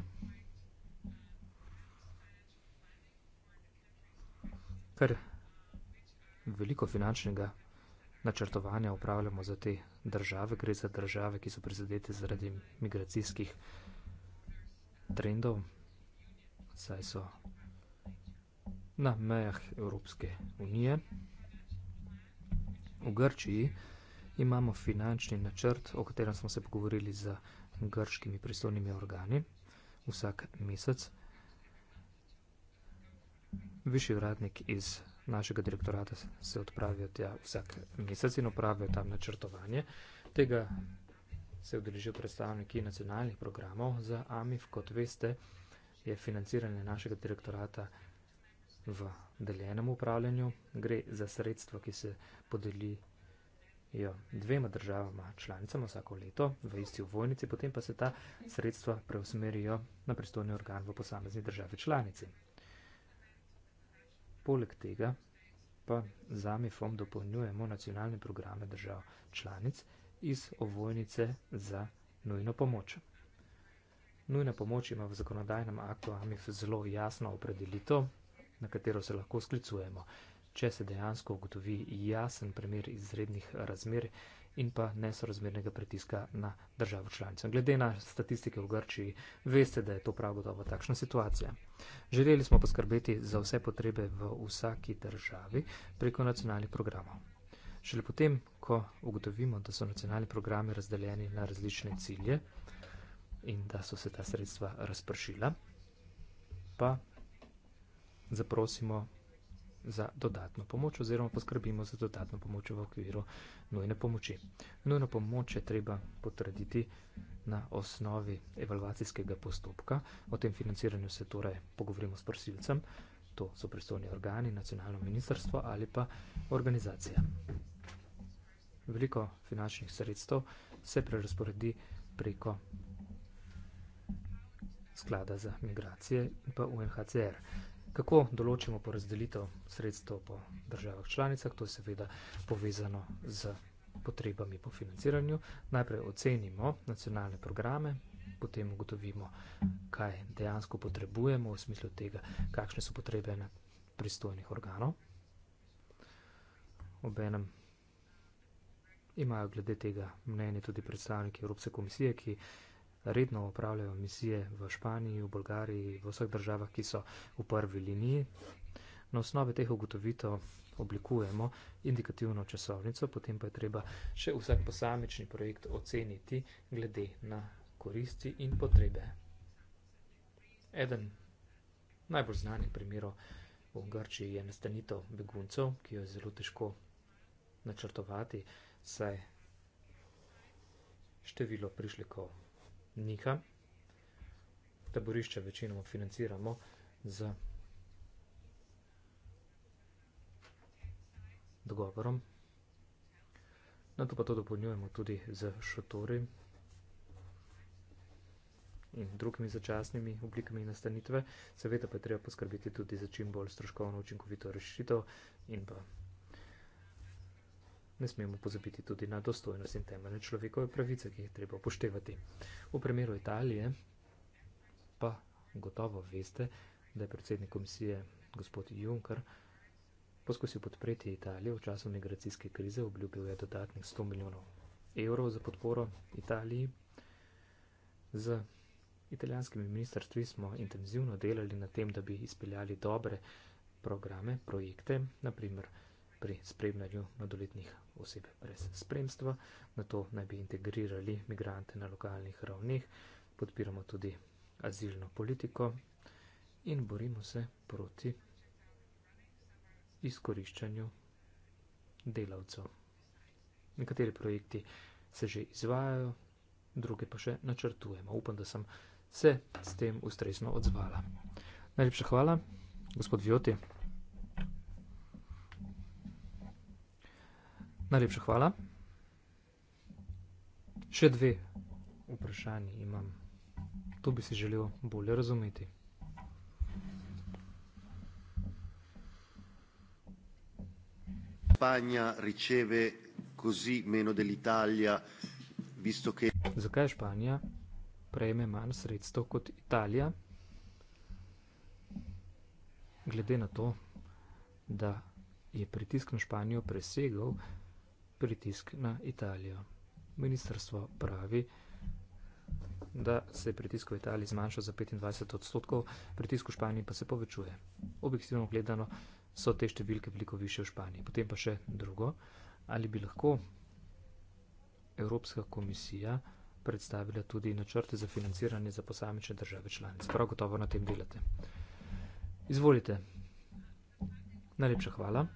Ker veliko finančnega načrtovanja upravljamo za te države, gre za države, ki so prizadete zaradi migracijskih trendov, saj so na mejah Evropske unije v Grčiji imamo finančni načrt, o katerem smo se pogovorili z grškimi pristojnimi organi vsak mesec. Višji uradnik iz našega direktorata se odpravijo tja vsak mesec in opravijo tam načrtovanje. Tega se udeležijo predstavniki nacionalnih programov za AMIF. Kot veste, je financiranje našega direktorata v deljenem upravljanju, gre za sredstva, ki se podelijo dvema državama članicama vsako leto v isti vojnici, potem pa se ta sredstva preusmerijo na pristojni organ v posamezni državi članici. Poleg tega pa za MIFOM dopolnjujemo nacionalne programe držav članic iz ovojnice za nujno pomoč. Nujna pomoč ima v zakonodajnem aktu AMIF zelo jasno opredelito, na katero se lahko sklicujemo, če se dejansko ugotovi jasen primer izrednih razmer in pa nesorazmernega pritiska na državo članico. Glede na statistike v Grčiji, veste, da je to prav gotovo takšna situacija. Želeli smo poskrbeti za vse potrebe v vsaki državi preko nacionalnih programov. Šele potem, ko ugotovimo, da so nacionalni programi razdeljeni na različne cilje in da so se ta sredstva razpršila, pa zaprosimo za dodatno pomoč oziroma poskrbimo za dodatno pomoč v okviru nujne pomoči. Nujno pomoč je treba potrditi na osnovi evalvacijskega postopka. O tem financiranju se torej pogovorimo s prosilcem, to so pristojni organi, nacionalno ministrstvo ali pa organizacija. Veliko finančnih sredstev se prerasporedi preko sklada za migracije in pa UNHCR. Kako določimo porazdelitev sredstev po državah članicah? To je seveda povezano z potrebami po financiranju. Najprej ocenimo nacionalne programe, potem ugotovimo, kaj dejansko potrebujemo v smislu tega, kakšne so potrebe na pristojnih organov. Obenem imajo glede tega mnenje tudi predstavniki Evropske komisije, ki redno upravljajo misije v Španiji, v Bolgariji, v vseh državah, ki so v prvi liniji. Na osnovi teh ugotovitev oblikujemo indikativno časovnico, potem pa je treba še vsak posamični projekt oceniti glede na koristi in potrebe. Eden najbolj znanih primerov v Grčiji je nastanitev beguncev, ki jo je zelo težko načrtovati, saj število prišlikov Nika. Taborišče večinoma financiramo z dogovorom. Na to pa to dopolnjujemo tudi z šotori in drugimi začasnimi oblikami nastanitve. Seveda pa je treba poskrbiti tudi za čim bolj stroškovno učinkovito rešitev in pa ne smemo pozabiti tudi na dostojnost in temeljne človekove pravice, ki jih treba upoštevati. V primeru Italije pa gotovo veste, da je predsednik komisije gospod Juncker poskusil podpreti Italijo v času migracijske krize, obljubil je dodatnih 100 milijonov evrov za podporo Italiji. Z italijanskimi ministrstvi smo intenzivno delali na tem, da bi izpeljali dobre programe, projekte, naprimer pri spremljanju mladoletnih oseb brez spremstva, na to naj bi integrirali migrante na lokalnih ravneh, podpiramo tudi azilno politiko in borimo se proti izkoriščanju delavcev. Nekateri projekti se že izvajajo, druge pa še načrtujemo. Upam, da sem se s tem ustrezno odzvala. Najlepša hvala, gospod Vjoti. Najlepša hvala. Še dve vprašanje imam. To bi si želel bolje razumeti. Španija riceve così meno dell'Italia, visto che... Zakaj Španija prejme manj sredstev kot Italija? Glede na to, da je pritisk na Španijo presegal pritisk na Italijo. Ministrstvo pravi, da se je pritisk v Italiji zmanjšal za 25 odstotkov, pritisk v Španiji pa se povečuje. Objektivno gledano so te številke veliko više v Španiji. Potem pa še drugo, ali bi lahko Evropska komisija predstavila tudi načrte za financiranje za posamične države članice. Prav gotovo na tem delate. Izvolite. Najlepša hvala.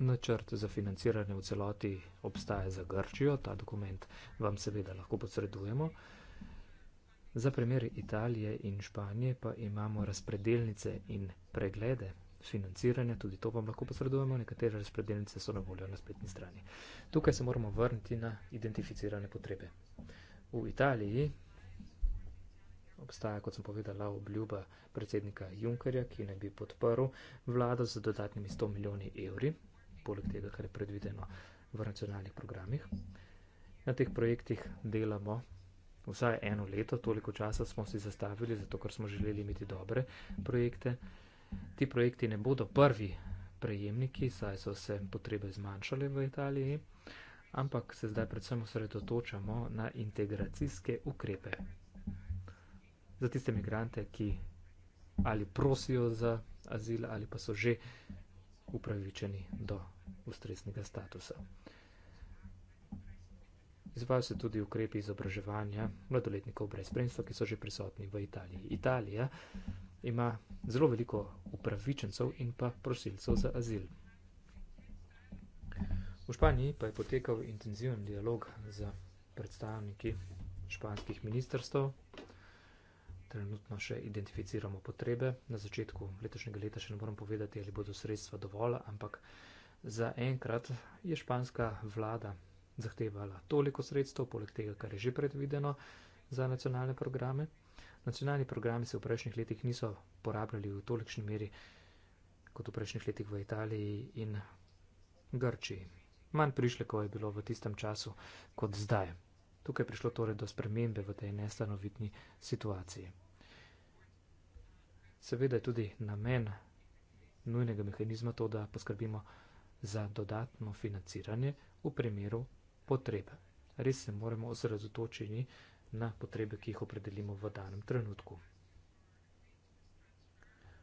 Načrt za financiranje v celoti obstaja za Grčijo, ta dokument vam seveda lahko posredujemo. Za primer Italije in Španije pa imamo razpredelnice in preglede financiranja, tudi to vam lahko posredujemo, nekatere razpredelnice so na voljo na spletni strani. Tukaj se moramo vrniti na identificirane potrebe. V Italiji obstaja, kot sem povedala, obljuba predsednika Junckerja, ki naj bi podprl vlado z dodatnimi 100 milijoni evri poleg tega, kar je predvideno v nacionalnih programih. Na teh projektih delamo vsaj eno leto, toliko časa smo si zastavili, zato ker smo želeli imeti dobre projekte. Ti projekti ne bodo prvi prejemniki, saj so se potrebe zmanjšale v Italiji, ampak se zdaj predvsem osredotočamo na integracijske ukrepe. Za tiste migrante, ki ali prosijo za azil ali pa so že upravičeni do ustreznega statusa. Izvajo se tudi ukrepi izobraževanja mladoletnikov brez spremstva, ki so že prisotni v Italiji. Italija ima zelo veliko upravičencev in pa prosilcev za azil. V Španiji pa je potekal intenziven dialog z predstavniki španskih ministrstv, trenutno še identificiramo potrebe. Na začetku letošnjega leta še ne moram povedati, ali bodo sredstva dovolj, ampak zaenkrat je španska vlada zahtevala toliko sredstev, poleg tega, kar je že predvideno za nacionalne programe. Nacionalni programi se v prejšnjih letih niso porabljali v tolikšni meri kot v prejšnjih letih v Italiji in Grčiji. Manj prišle, ko je bilo v tistem času kot zdaj tukaj prišlo torej do spremembe v tej nestanovitni situaciji. Seveda je tudi namen nujnega mehanizma to, da poskrbimo za dodatno financiranje v primeru potrebe. Res se moramo osredotočiti na potrebe, ki jih opredelimo v danem trenutku.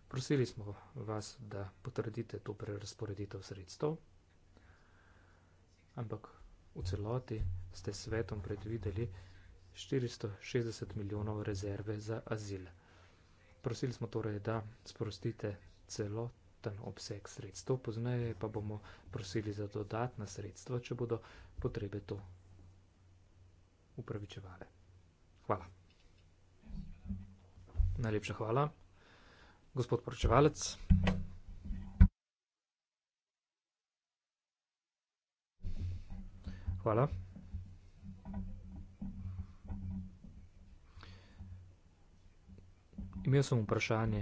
Prosili smo vas, da potrdite to prerasporeditev sredstev, ampak v celoti ste svetom predvideli 460 milijonov rezerve za azil. Prosili smo torej, da sprostite celoten obseg sredstva, poznaje pa bomo prosili za dodatna sredstva, če bodo potrebe to upravičevale. Hvala. Najlepša hvala. Gospod poročevalec. Hvala. Imel sem vprašanje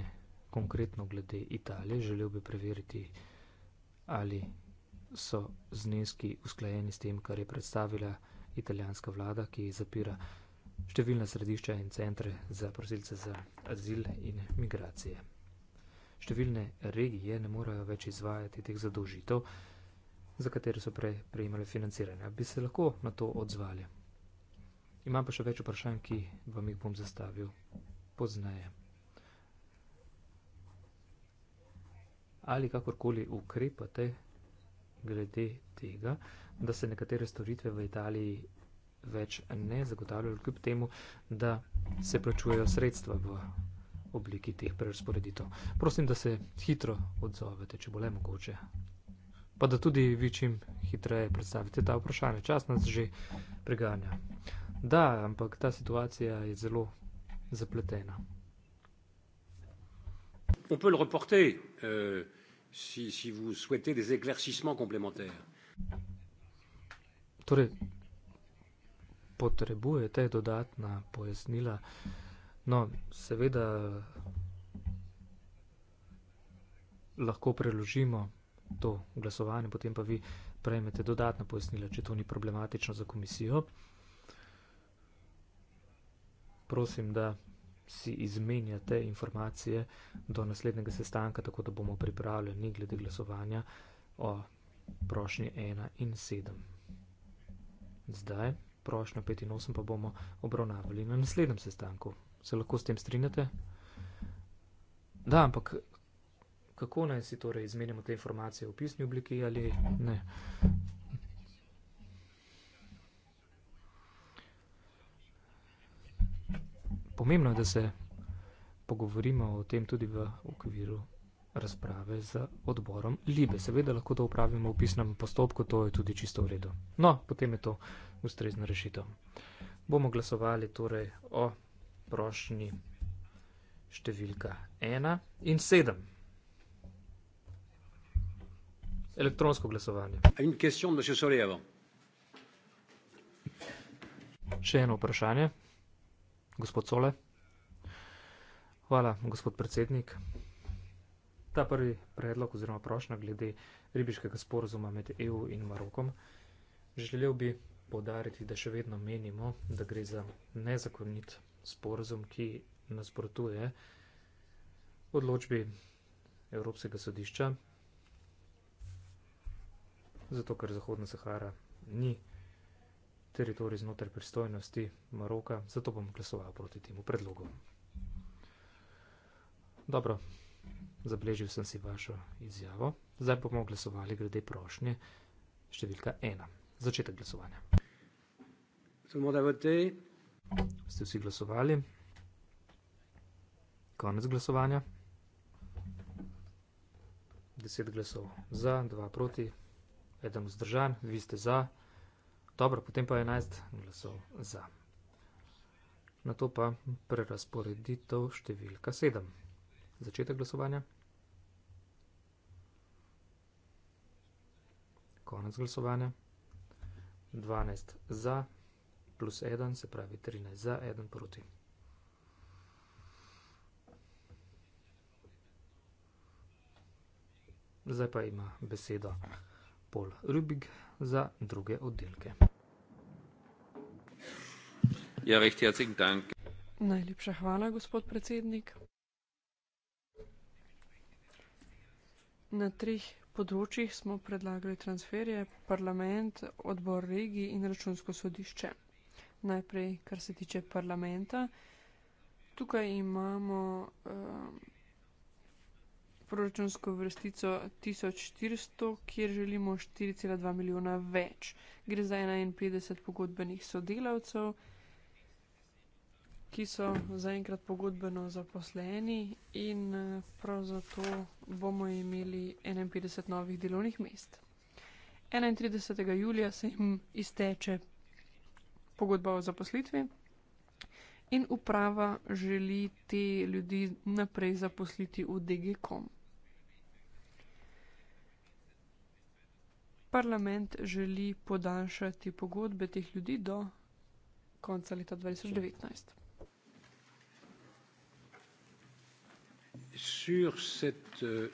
konkretno glede Italije. Želel bi preveriti, ali so zneski usklajeni s tem, kar je predstavila italijanska vlada, ki zapira številna središča in centre za prosilce za azil in migracije. Številne regije ne morejo več izvajati teh zadožitev za katere so prej prejemali financiranje. Bi se lahko na to odzvali? Imam pa še več vprašanj, ki vam jih bom zastavil pozneje. Ali kakorkoli ukrepate glede tega, da se nekatere storitve v Italiji več ne zagotavljajo, kljub temu, da se plačujejo sredstva v obliki teh prerasporeditev. Prosim, da se hitro odzovete, če bo le mogoče pa da tudi vi čim hitreje predstavite ta vprašanje. Čas nas že preganja. Da, ampak ta situacija je zelo zapletena. On peut le reporter, euh, si, si vous souhaitez des éclaircissements complémentaires. Torej, potrebujete dodatna pojasnila. No, seveda lahko preložimo to glasovanje, potem pa vi prejmete dodatno pojasnilo, če to ni problematično za komisijo. Prosim, da si izmenjate informacije do naslednjega sestanka, tako da bomo pripravljeni glede glasovanja o prošnji 1 in 7. Zdaj prošnjo 5 in 8 pa bomo obravnavali na naslednjem sestanku. Se lahko s tem strinjate? Da, ampak kako naj si torej izmenjamo te informacije v pisni obliki ali ne. Pomembno je, da se pogovorimo o tem tudi v okviru razprave z odborom Libe. Seveda lahko to upravimo v pisnem postopku, to je tudi čisto v redu. No, potem je to ustrezna rešitev. Bomo glasovali torej o prošnji številka 1 in 7 elektronsko glasovanje. Še eno vprašanje, gospod Sole. Hvala, gospod predsednik. Ta prvi predlog oziroma prošnja glede ribiškega sporozuma med EU in Marokom. Želel bi podariti, da še vedno menimo, da gre za nezakonit sporozum, ki nasprotuje odločbi Evropskega sodišča zato ker Zahodna Sahara ni teritorij znotraj pristojnosti Maroka, zato bom glasoval proti temu predlogu. Dobro, zabeležil sem si vašo izjavo, zdaj pa bomo glasovali glede prošnje številka ena. Začetek glasovanja. Ste vsi glasovali? Konec glasovanja. 10 glasov za, 2 proti, eden vzdržan, vi ste za, dobro, potem pa 11 glasov za. Na to pa prerasporeditev številka 7. Začetek glasovanja. Konec glasovanja. 12 za, plus 1, se pravi 13 za, 1 proti. Zdaj pa ima besedo. Paul Rübig za druge oddelke. Ja, recht herzlichen Dank. Najlepša hvala, gospod predsednik. Na treh področjih smo predlagali transferje, parlament, odbor regij in računsko sodišče. Najprej, kar se tiče parlamenta, tukaj imamo. Uh, proračunsko vrstico 1400, kjer želimo 4,2 milijona več. Gre za 51 pogodbenih sodelavcev, ki so zaenkrat pogodbeno zaposleni in prav zato bomo imeli 51 novih delovnih mest. 31. julija se jim izteče pogodba o zaposlitvi. In uprava želi te ljudi naprej zaposliti v DGCOM. parlament želi podaljšati pogodbe teh ljudi do konca leta 2019. Euh,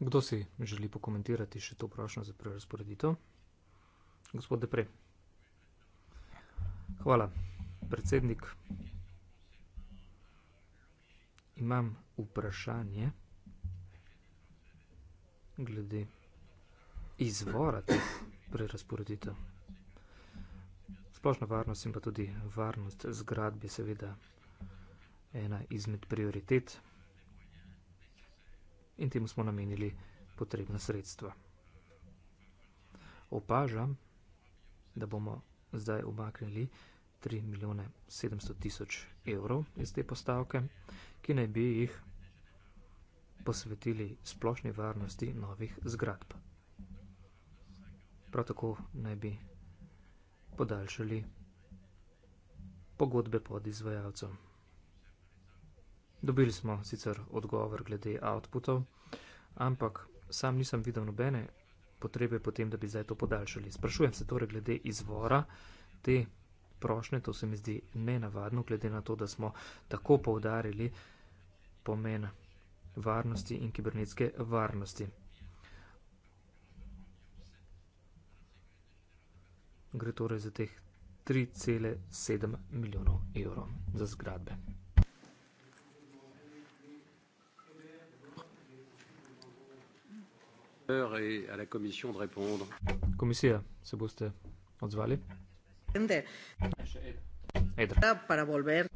Kdo si želi pokomentirati še to vprašanje za prerasporeditev? Gospod Depre. Hvala, predsednik. Imam vprašanje glede izvora teh prerasporeditev. Splošna varnost in pa tudi varnost zgradb je seveda ena izmed prioritet in temu smo namenili potrebna sredstva. Opažam, da bomo zdaj umaknili 3 milijone 700 tisoč evrov iz te postavke, ki naj bi jih posvetili splošni varnosti novih zgradb. Prav tako naj bi podaljšali pogodbe pod izvajalcem. Dobili smo sicer odgovor glede outputov, ampak sam nisem videl nobene potrebe potem, da bi zdaj to podaljšali. Sprašujem se torej glede izvora te prošnje, to se mi zdi nenavadno, glede na to, da smo tako povdarili pomen varnosti in kibernetske varnosti. Gre torej za teh 3,7 milijonov evrov za zgradbe. Komisija, se boste odzvali? pretende. Para volver.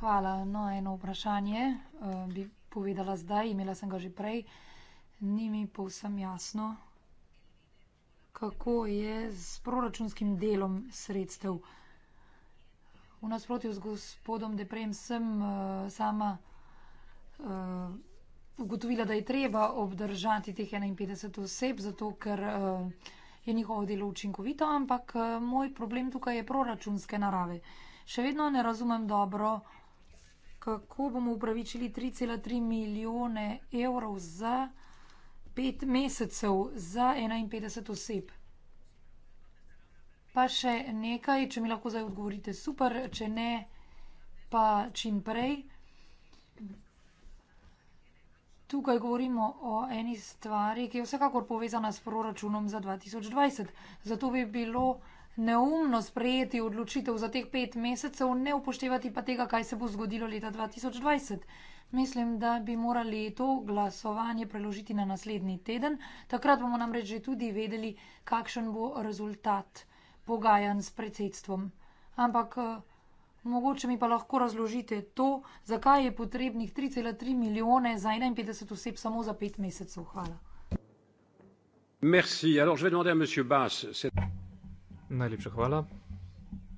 Hvala. No, eno vprašanje uh, bi povedala zdaj, imela sem ga že prej. Ni mi povsem jasno, kako je s proračunskim delom sredstev. V nasprotju z gospodom Deprem sem uh, sama uh, ugotovila, da je treba obdržati teh 51 oseb, zato ker uh, je njihovo delo učinkovito, ampak eh, moj problem tukaj je proračunske narave. Še vedno ne razumem dobro, kako bomo upravičili 3,3 milijone evrov za pet mesecev za 51 oseb. Pa še nekaj, če mi lahko zdaj odgovorite, super, če ne, pa čim prej. Tukaj govorimo o eni stvari, ki je vsekakor povezana s proračunom za 2020. Zato bi bilo neumno sprejeti odločitev za teh pet mesecev, ne upoštevati pa tega, kaj se bo zgodilo leta 2020. Mislim, da bi morali to glasovanje preložiti na naslednji teden. Takrat bomo namreč že tudi vedeli, kakšen bo rezultat pogajanj s predsedstvom. Ampak eh, Mogoče mi pa lahko razložite to, zakaj je potrebnih 3,3 milijone za 51 oseb samo za pet mesecev. Hvala. Merci. Alors, je vais demander à monsieur Bas. Najlepša hvala.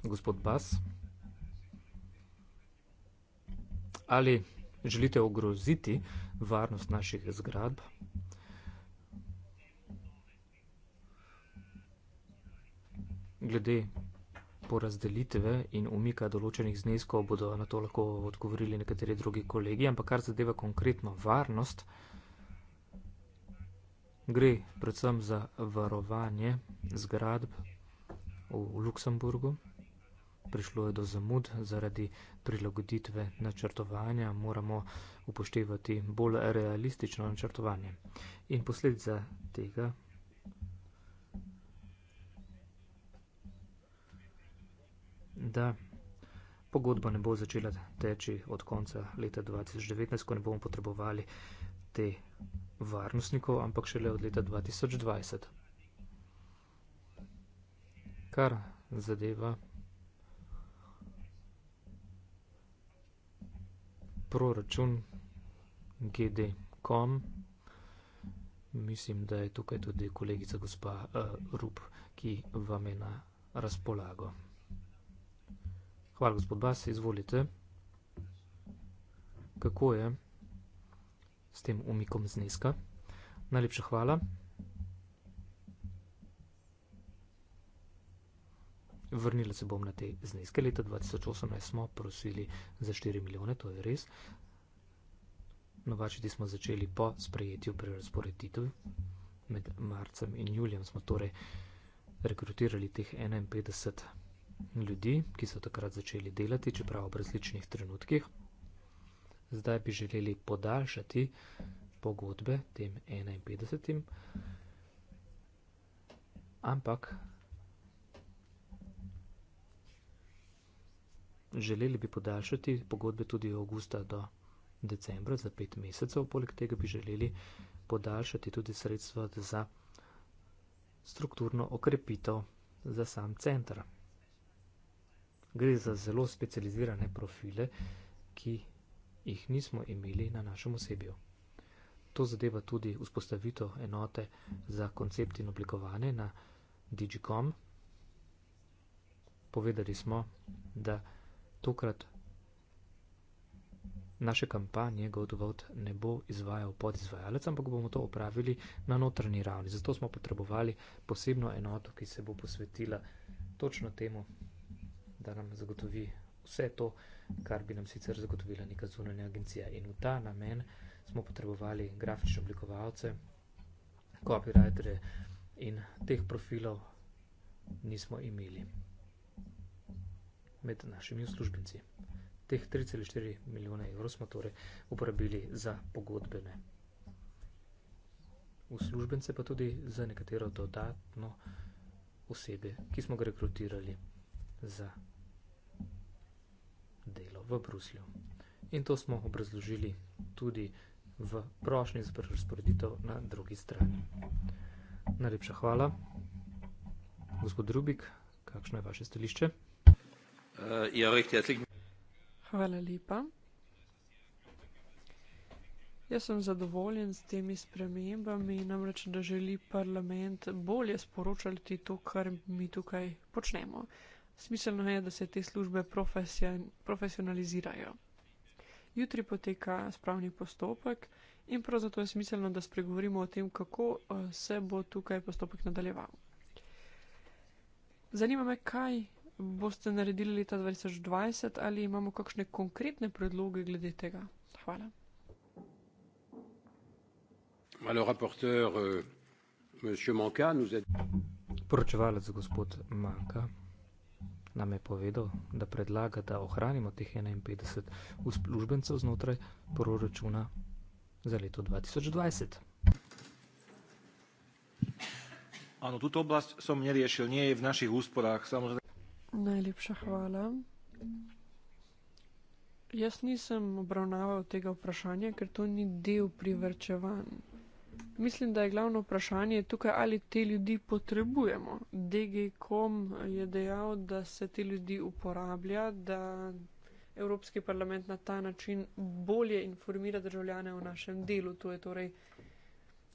Gospod Bas. Ali želite ogroziti varnost naših zgradb? Glede porazdelitve in umika določenih zneskov, bodo na to lahko odgovorili nekateri drugi kolegi, ampak kar zadeva konkretno varnost, gre predvsem za varovanje zgradb v Luksemburgu. Prišlo je do zamud zaradi prilagoditve načrtovanja, moramo upoštevati bolj realistično načrtovanje. In posledica tega da pogodba ne bo začela teči od konca leta 2019, ko ne bomo potrebovali te varnostnikov, ampak šele od leta 2020. Kar zadeva proračun GD.com, mislim, da je tukaj tudi kolegica gospa uh, Rup, ki vam je na razpolago. Hvala, gospod Bas, izvolite. Kako je s tem umikom zneska? Najlepša hvala. Vrnila se bom na te zneske. Leta 2018 smo prosili za 4 milijone, to je res. Novačiti smo začeli po sprejetju pri razporeditvi. Med marcem in julijem smo torej rekrutirali teh 51 milijonov ljudi, ki so takrat začeli delati, čeprav v različnih trenutkih. Zdaj bi želeli podaljšati pogodbe tem 51. Ampak želeli bi podaljšati pogodbe tudi od avgusta do decembra za pet mesecev. Poleg tega bi želeli podaljšati tudi sredstva za strukturno okrepitev za sam center gre za zelo specializirane profile, ki jih nismo imeli na našem osebju. To zadeva tudi vzpostavitev enote za koncept in oblikovanje na Digicom. Povedali smo, da tokrat naše kampanje GoToVote ne bo izvajal podizvajalec, ampak bomo to opravili na notranji ravni. Zato smo potrebovali posebno enoto, ki se bo posvetila točno temu, da nam zagotovi vse to, kar bi nam sicer zagotovila neka zunanja agencija. In v ta namen smo potrebovali grafične oblikovalce, copywritere in teh profilov nismo imeli med našimi uslužbenci. Teh 3,4 milijona evrov smo torej uporabili za pogodbene uslužbence, pa tudi za nekatero dodatno osebe, ki smo ga rekrutirali za delo v Bruslju. In to smo obrazložili tudi v prošnji za razporeditev na drugi strani. Najlepša hvala. Gospod Rubik, kakšno je vaše stališče? Eh, ja, hvala lepa. Jaz sem zadovoljen s temi spremembami, namreč, da želi parlament bolje sporočati to, kar mi tukaj počnemo. Smiselno je, da se te službe profesionalizirajo. Jutri poteka spravni postopek in prav zato je smiselno, da spregovorimo o tem, kako eh, se bo tukaj postopek nadaljeval. Zanima me, kaj boste naredili leta 2020 ali imamo kakšne konkretne predloge glede tega. Hvala. Euh, Poročevalec gospod Manka nam je povedal, da predlaga, da ohranimo teh 51 uslužbencev znotraj proračuna za leto 2020. Ano, tudi oblast so mi rešili, nje je v naših usporah. Samozrej. Najlepša hvala. Jaz nisem obravnaval tega vprašanja, ker to ni del privrčevanja. Mislim, da je glavno vprašanje tukaj, ali te ljudi potrebujemo. DGCOM je dejal, da se te ljudi uporablja, da Evropski parlament na ta način bolje informira državljane o našem delu. To je torej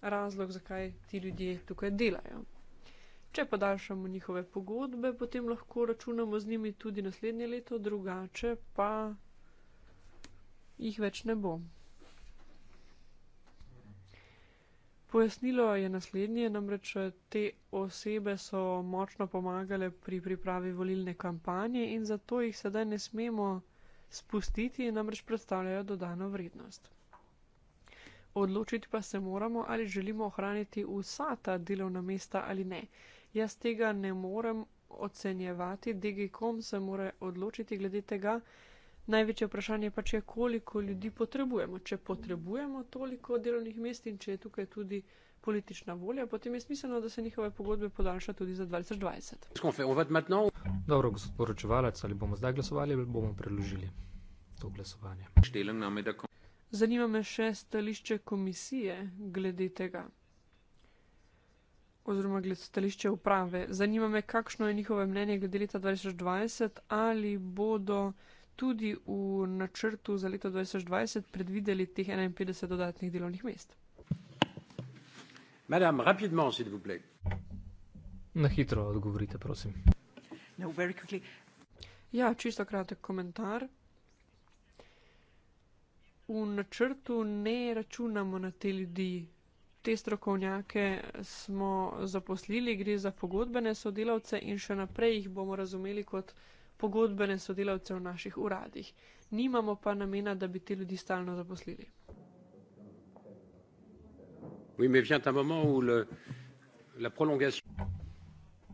razlog, zakaj ti ljudje tukaj delajo. Če podaljšamo njihove pogodbe, potem lahko računamo z njimi tudi naslednje leto, drugače pa jih več ne bomo. Pojasnilo je naslednje, namreč te osebe so močno pomagale pri pripravi volilne kampanje in zato jih sedaj ne smemo spustiti, namreč predstavljajo dodano vrednost. Odločiti pa se moramo, ali želimo ohraniti vsa ta delovna mesta ali ne. Jaz tega ne morem ocenjevati, DGKOM se mora odločiti glede tega, Največje vprašanje pač je, koliko ljudi potrebujemo. Če potrebujemo toliko delovnih mest in če je tukaj tudi politična volja, potem je smiselno, da se njihove pogodbe podaljša tudi za 2020. Dobro, gospod poročevalec, ali bomo zdaj glasovali ali bomo predložili to glasovanje. Zanima me še stališče komisije glede tega. Oziroma, glede stališče uprave. Zanima me, kakšno je njihovo mnenje glede leta 2020, ali bodo tudi v načrtu za leto 2020 predvideli teh 51 dodatnih delovnih mest. Madame, rapidement, s'il vous plaît. Na hitro odgovorite, prosim. No, very quickly. Ja, čisto kratek komentar. V načrtu ne računamo na te ljudi. Te strokovnjake smo zaposlili, gre za pogodbene sodelavce in še naprej jih bomo razumeli kot pogodbene sodelavce v naših uradih. Nimamo pa namena, da bi te ljudi stalno zaposlili.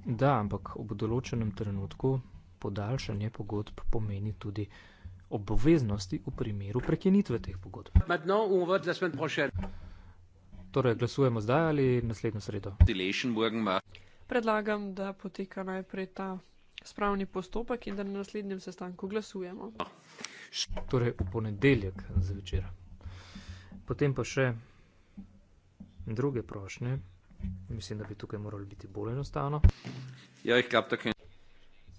Da, ampak ob določenem trenutku podaljšanje pogodb pomeni tudi obveznosti v primeru prekinitve teh pogodb. Torej, glasujemo zdaj ali naslednjo sredo. Predlagam, da poteka najprej ta spravni postopek in da na naslednjem sestanku glasujemo. Torej, v ponedeljek zvečer. Potem pa še druge prošnje. Mislim, da bi tukaj moralo biti bolj enostavno. Ja, jih kap tako.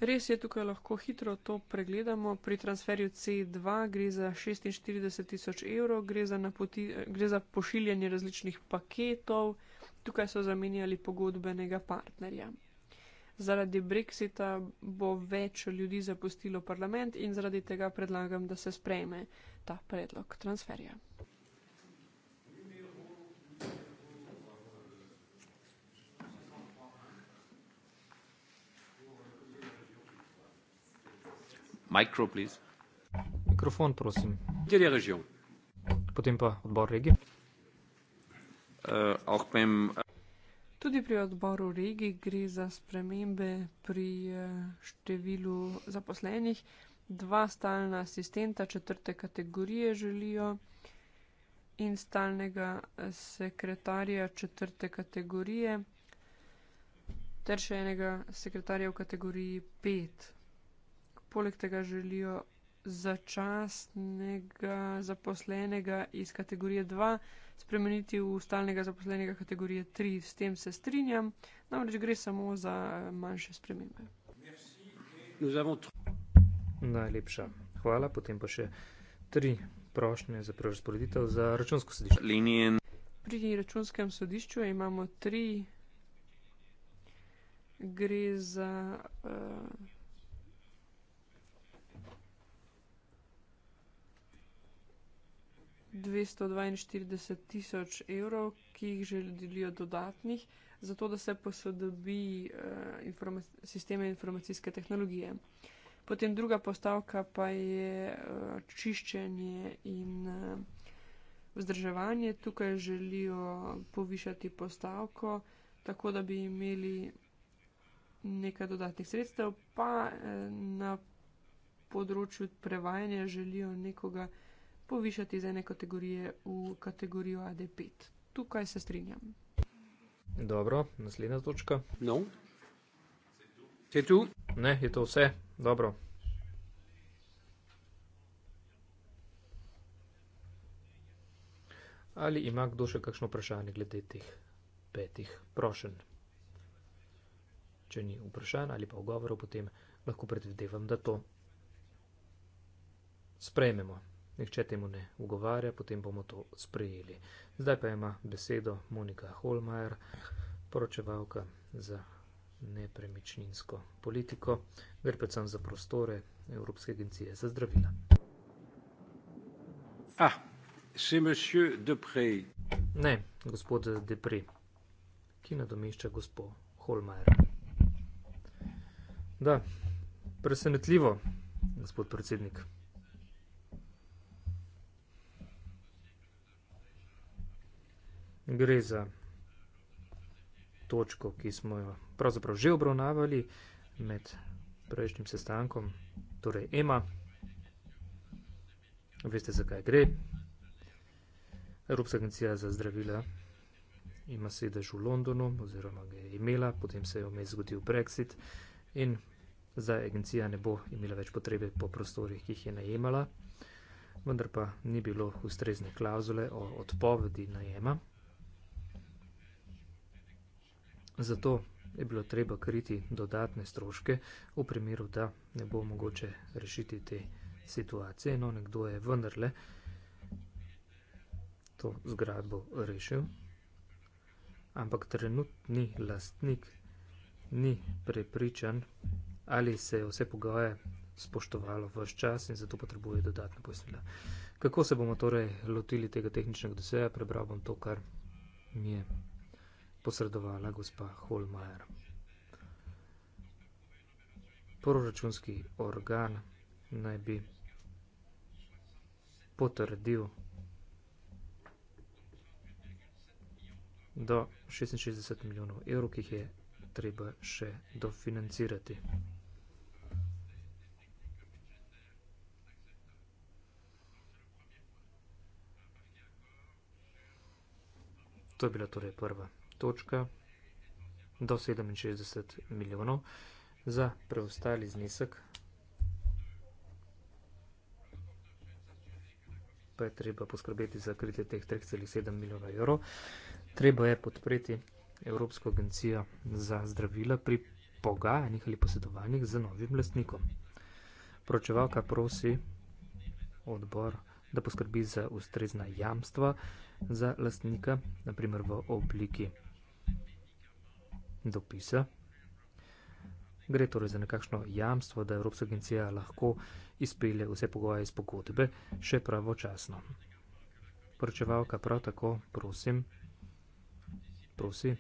Res je, tukaj lahko hitro to pregledamo. Pri transferju C2 gre za 46 tisoč evrov, gre za, napoti, gre za pošiljanje različnih paketov. Tukaj so zamenjali pogodbenega partnerja zaradi brexita bo več ljudi zapustilo parlament in zaradi tega predlagam, da se sprejme ta predlog transferja. Micro, Mikrofon, prosim. Potem pa odbor regije. Uh, auch beim tudi pri odboru regij gre za spremembe pri eh, številu zaposlenih. Dva stalna asistenta četrte kategorije želijo in stalnega eh, sekretarja četrte kategorije ter še enega sekretarja v kategoriji pet. Poleg tega želijo začasnega zaposlenega iz kategorije dva spremeniti v stalnega zaposlenega kategorije 3. S tem se strinjam, namreč gre samo za eh, manjše spremembe. Najlepša hvala, potem pa še tri prošnje za prerasporeditev za računsko sodišče. Pri računskem sodišču imamo tri, gre za. Uh, 242 tisoč evrov, ki jih želijo dodatnih, zato da se posodobi uh, eh, informa sisteme informacijske tehnologije. Potem druga postavka pa je uh, čiščenje in uh, vzdrževanje. Tukaj želijo povišati postavko, tako da bi imeli nekaj dodatnih sredstev, pa uh, na področju prevajanja želijo nekoga, povišati iz ene kategorije v kategorijo AD5. Tukaj se strinjam. Dobro, naslednja točka. No. Je tu? Ne, je to vse. Dobro. Ali ima kdo še kakšno vprašanje glede teh petih prošen? Če ni vprašan ali pa ogovorov, potem lahko predvidevam, da to sprejmemo. Nihče temu ne ugovarja, potem bomo to sprejeli. Zdaj pa ima besedo Monika Holmajer, poročevalka za nepremičninsko politiko, gre predvsem za prostore Evropske agencije za zdravila. Ah, ne, gospod Depre, ki nadomešča gospod Holmajer. Da, presenetljivo, gospod predsednik. gre za točko, ki smo jo pravzaprav že obravnavali med prejšnjim sestankom, torej EMA. Veste, zakaj gre. Evropska agencija za zdravila ima sedež v Londonu, oziroma ga je imela, potem se je vmes zgodil Brexit in zdaj agencija ne bo imela več potrebe po prostorih, ki jih je najemala, vendar pa ni bilo ustrezne klauzule o odpovedi najema. Zato je bilo treba kriti dodatne stroške v primeru, da ne bo mogoče rešiti te situacije. No, nekdo je vendarle to zgradbo rešil, ampak trenutni lastnik ni prepričan, ali se je vse pogoje spoštovalo v čas in zato potrebuje dodatne pojasnila. Kako se bomo torej lotili tega tehničnega doseja, prebral bom to, kar mi je posredovala gospa Holmajer. Proračunski organ naj bi potrdil do 66 milijonov evrov, ki jih je treba še dofinancirati. To je bila torej prva točka do 67 milijonov. Za preostali znesek pa je treba poskrbeti za kritje teh 3,7 milijona evrov. Treba je podpreti Evropsko agencijo za zdravila pri pogajanjih ali posedovanjih z novim lastnikom. Pročevalka prosi odbor, da poskrbi za ustrezna jamstva za lastnika, naprimer v obliki dopisa. Gre torej za nekakšno jamstvo, da Evropska agencija lahko izpele vse pogoje iz pogodbe še pravočasno. Poročevalka prav tako, prosim, prosi,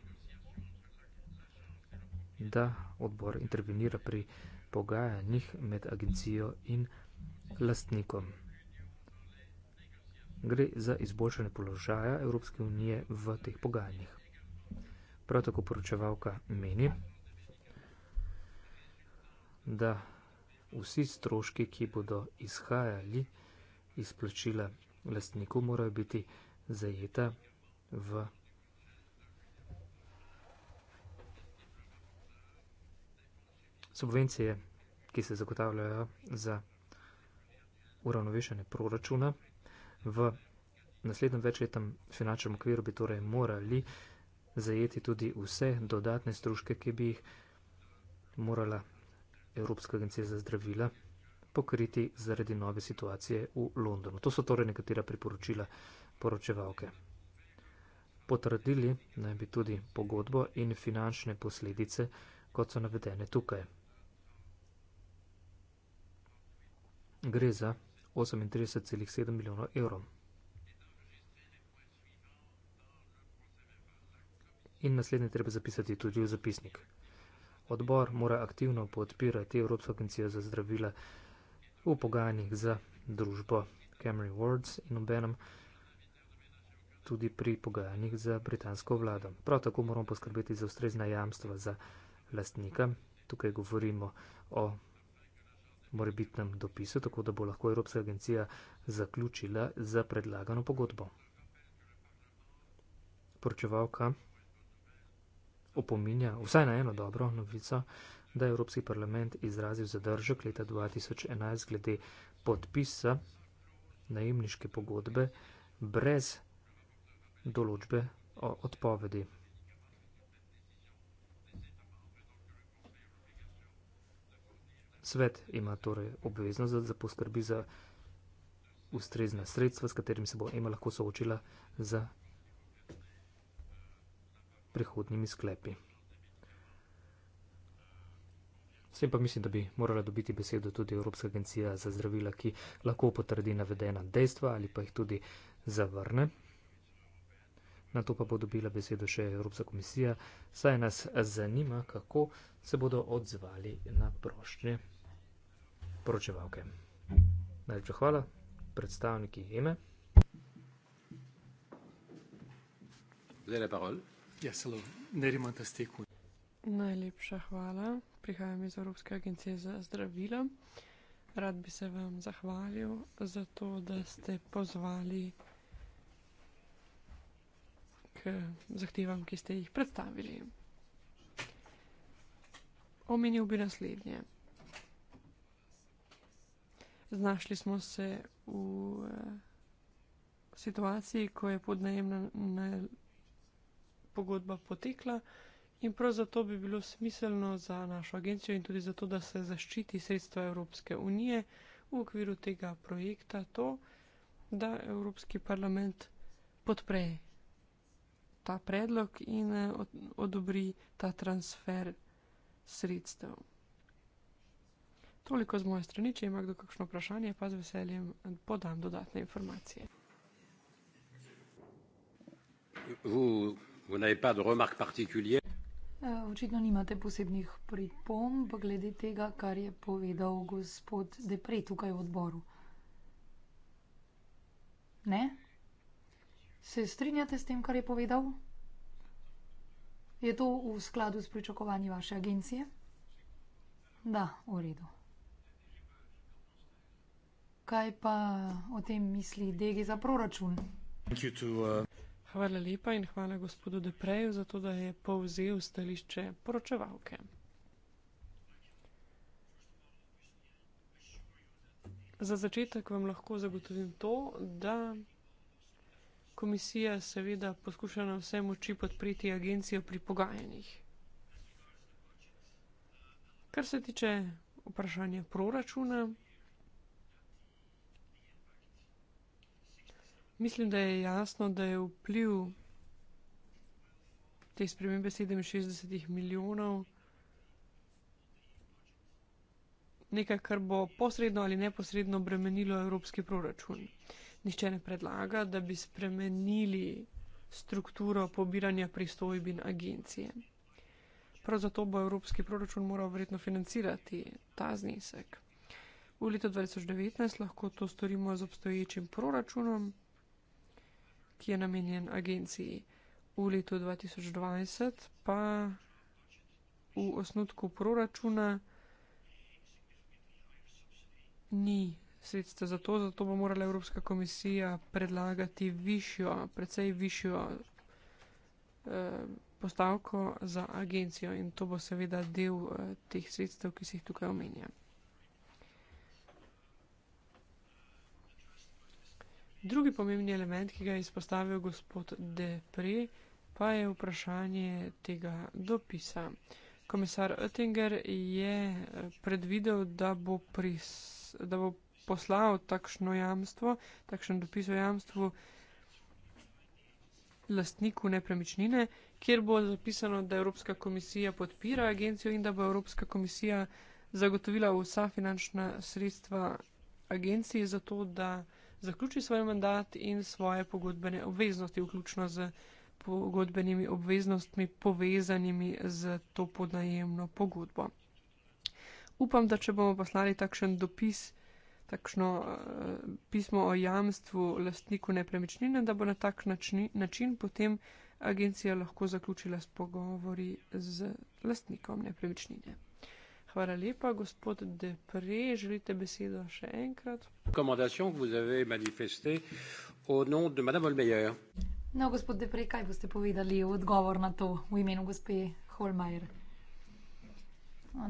da odbor intervenira pri pogajanjih med agencijo in lastnikom. Gre za izboljšanje položaja Evropske unije v teh pogajanjih. Prav tako poročevalka meni, da vsi stroški, ki bodo izhajali iz plačila lastniku, morajo biti zajeta v subvencije, ki se zagotavljajo za uravnovešanje proračuna. V naslednjem večletnem finančnem okviru bi torej morali zajeti tudi vse dodatne stroške, ki bi jih morala Evropska agencija za zdravila pokriti zaradi nove situacije v Londonu. To so torej nekatera priporočila poročevalke. Potrdili naj bi tudi pogodbo in finančne posledice, kot so navedene tukaj. Gre za 38,7 milijonov evrov. in naslednje treba zapisati tudi v zapisnik. Odbor mora aktivno podpirati Evropsko agencijo za zdravila v pogajanjih za družbo Camry Words in obenem tudi pri pogajanjih za britansko vlado. Prav tako moramo poskrbeti za ustrezna jamstva za lastnika. Tukaj govorimo o morebitnem dopisu, tako da bo lahko Evropska agencija zaključila za predlagano pogodbo. Poročevalka opominja vsaj na eno dobro novico, da je Evropski parlament izrazil zadržek leta 2011 glede podpisa najemniške pogodbe brez določbe o odpovedi. Svet ima torej obveznost, da poskrbi za ustrezna sredstva, s katerimi se bo ima lahko soočila za prihodnimi sklepi. Vsem pa mislim, da bi morala dobiti besedo tudi Evropska agencija za zdravila, ki lahko potrdi navedena dejstva ali pa jih tudi zavrne. Na to pa bo dobila besedo še Evropska komisija, saj nas zanima, kako se bodo odzvali na prošnje poročevalke. Najlepša hvala predstavniki EME. Vous avez la parole. Jaselo, Nerimanta Steku. Najlepša hvala. Prihajam iz Evropske agencije za zdravila. Rad bi se vam zahvalil za to, da ste pozvali k zahtevam, ki ste jih predstavili. Omenil bi naslednje. Znašli smo se v eh, situaciji, ko je podnebna pogodba potekla in prav zato bi bilo smiselno za našo agencijo in tudi zato, da se zaščiti sredstva Evropske unije v okviru tega projekta to, da Evropski parlament podpre ta predlog in eh, odobri ta transfer sredstev. Toliko z moje strani, če ima kdo kakšno vprašanje, pa z veseljem podam dodatne informacije. Vous n'avez pas de remarques particulières eh, Očitno nimate posebnih pripomb glede tega, kar je povedal gospod Deprej tukaj v odboru. Ne? Se strinjate s tem, kar je povedal? Je to v skladu s pričakovanji vaše agencije? Da, v redu. Kaj pa o tem misli Degi za proračun? Thank you to, uh... Hvala lepa in hvala gospodu Depreju za to, da je povzel stališče poročevalke. Za začetek vam lahko zagotovim to, da komisija seveda poskuša na vse moči podpreti agencijo pri pogajanjih. Kar se tiče vprašanja proračuna, Mislim, da je jasno, da je vpliv te spremembe 67 milijonov nekaj, kar bo posredno ali neposredno bremenilo evropski proračun. Nihče ne predlaga, da bi spremenili strukturo pobiranja pristojbin agencije. Prav zato bo evropski proračun moral verjetno financirati ta znesek. V letu 2019 lahko to storimo z obstoječim proračunom ki je namenjen agenciji. V letu 2020 pa v osnutku proračuna ni sredstva za to, zato bo morala Evropska komisija predlagati višjo, precej višjo eh, postavko za agencijo in to bo seveda del eh, teh sredstev, ki se jih tukaj omenja. Drugi pomembni element, ki ga je izpostavil gospod Depre, pa je vprašanje tega dopisa. Komisar Oettinger je eh, predvidel, da bo, pris, da bo poslal takšno jamstvo, takšen dopis o jamstvu lastniku nepremičnine, kjer bo zapisano, da Evropska komisija podpira agencijo in da bo Evropska komisija zagotovila vsa finančna sredstva agenciji za to, da zaključi svoj mandat in svoje pogodbene obveznosti, vključno z pogodbenimi obveznostmi povezanimi z to podnajemno pogodbo. Upam, da če bomo poslali takšen dopis, takšno uh, pismo o jamstvu lastniku nepremičnine, da bo na tak način, način potem agencija lahko zaključila s pogovori z lastnikom nepremičnine. Hvala lepa, gospod Depre. Želite besedo še enkrat? No, gospod Depre, kaj boste povedali v odgovor na to v imenu gospe Holmajer?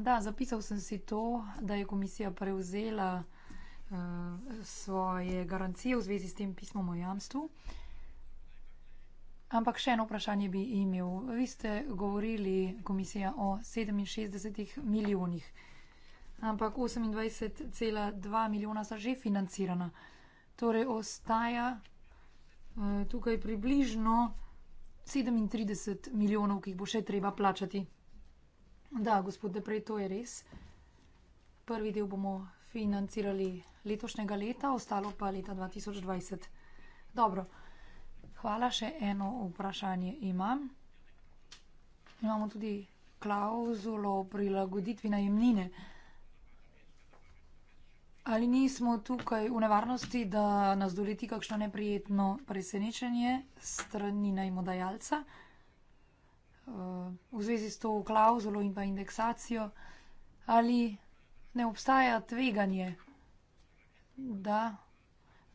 Da, zapisal sem si to, da je komisija prevzela uh, svoje garancije v zvezi s tem pismom o jamstvu. Uh, Ampak še eno vprašanje bi imel. Vi ste govorili, komisija, o 67 milijonih, ampak 28,2 milijona so že financirana. Torej ostaja eh, tukaj približno 37 milijonov, ki jih bo še treba plačati. Da, gospod Deprej, to je res. Prvi del bomo financirali letošnjega leta, ostalo pa leta 2020. Dobro. Hvala, še eno vprašanje imam. Imamo tudi klauzulo prilagoditvi najemnine. Ali nismo tukaj v nevarnosti, da nas doleti kakšno neprijetno presenečenje strani najmodajalca eh, v zvezi s to klauzulo in pa indeksacijo? Ali ne obstaja tveganje, da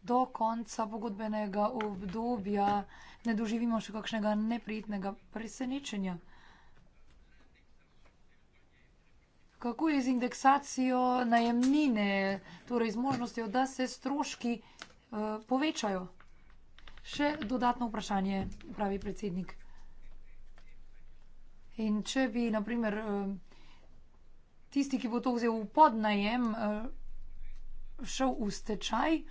do konca pogodbenega obdobja ne doživimo še kakšnega neprijetnega presenečenja. Kako je z indeksacijo najemnine, torej z možnostjo, da se stroški eh, povečajo? Še dodatno vprašanje, pravi predsednik. In če bi, na primer, eh, tisti, ki bo to vzel v podnajem, eh, šel v stečaj,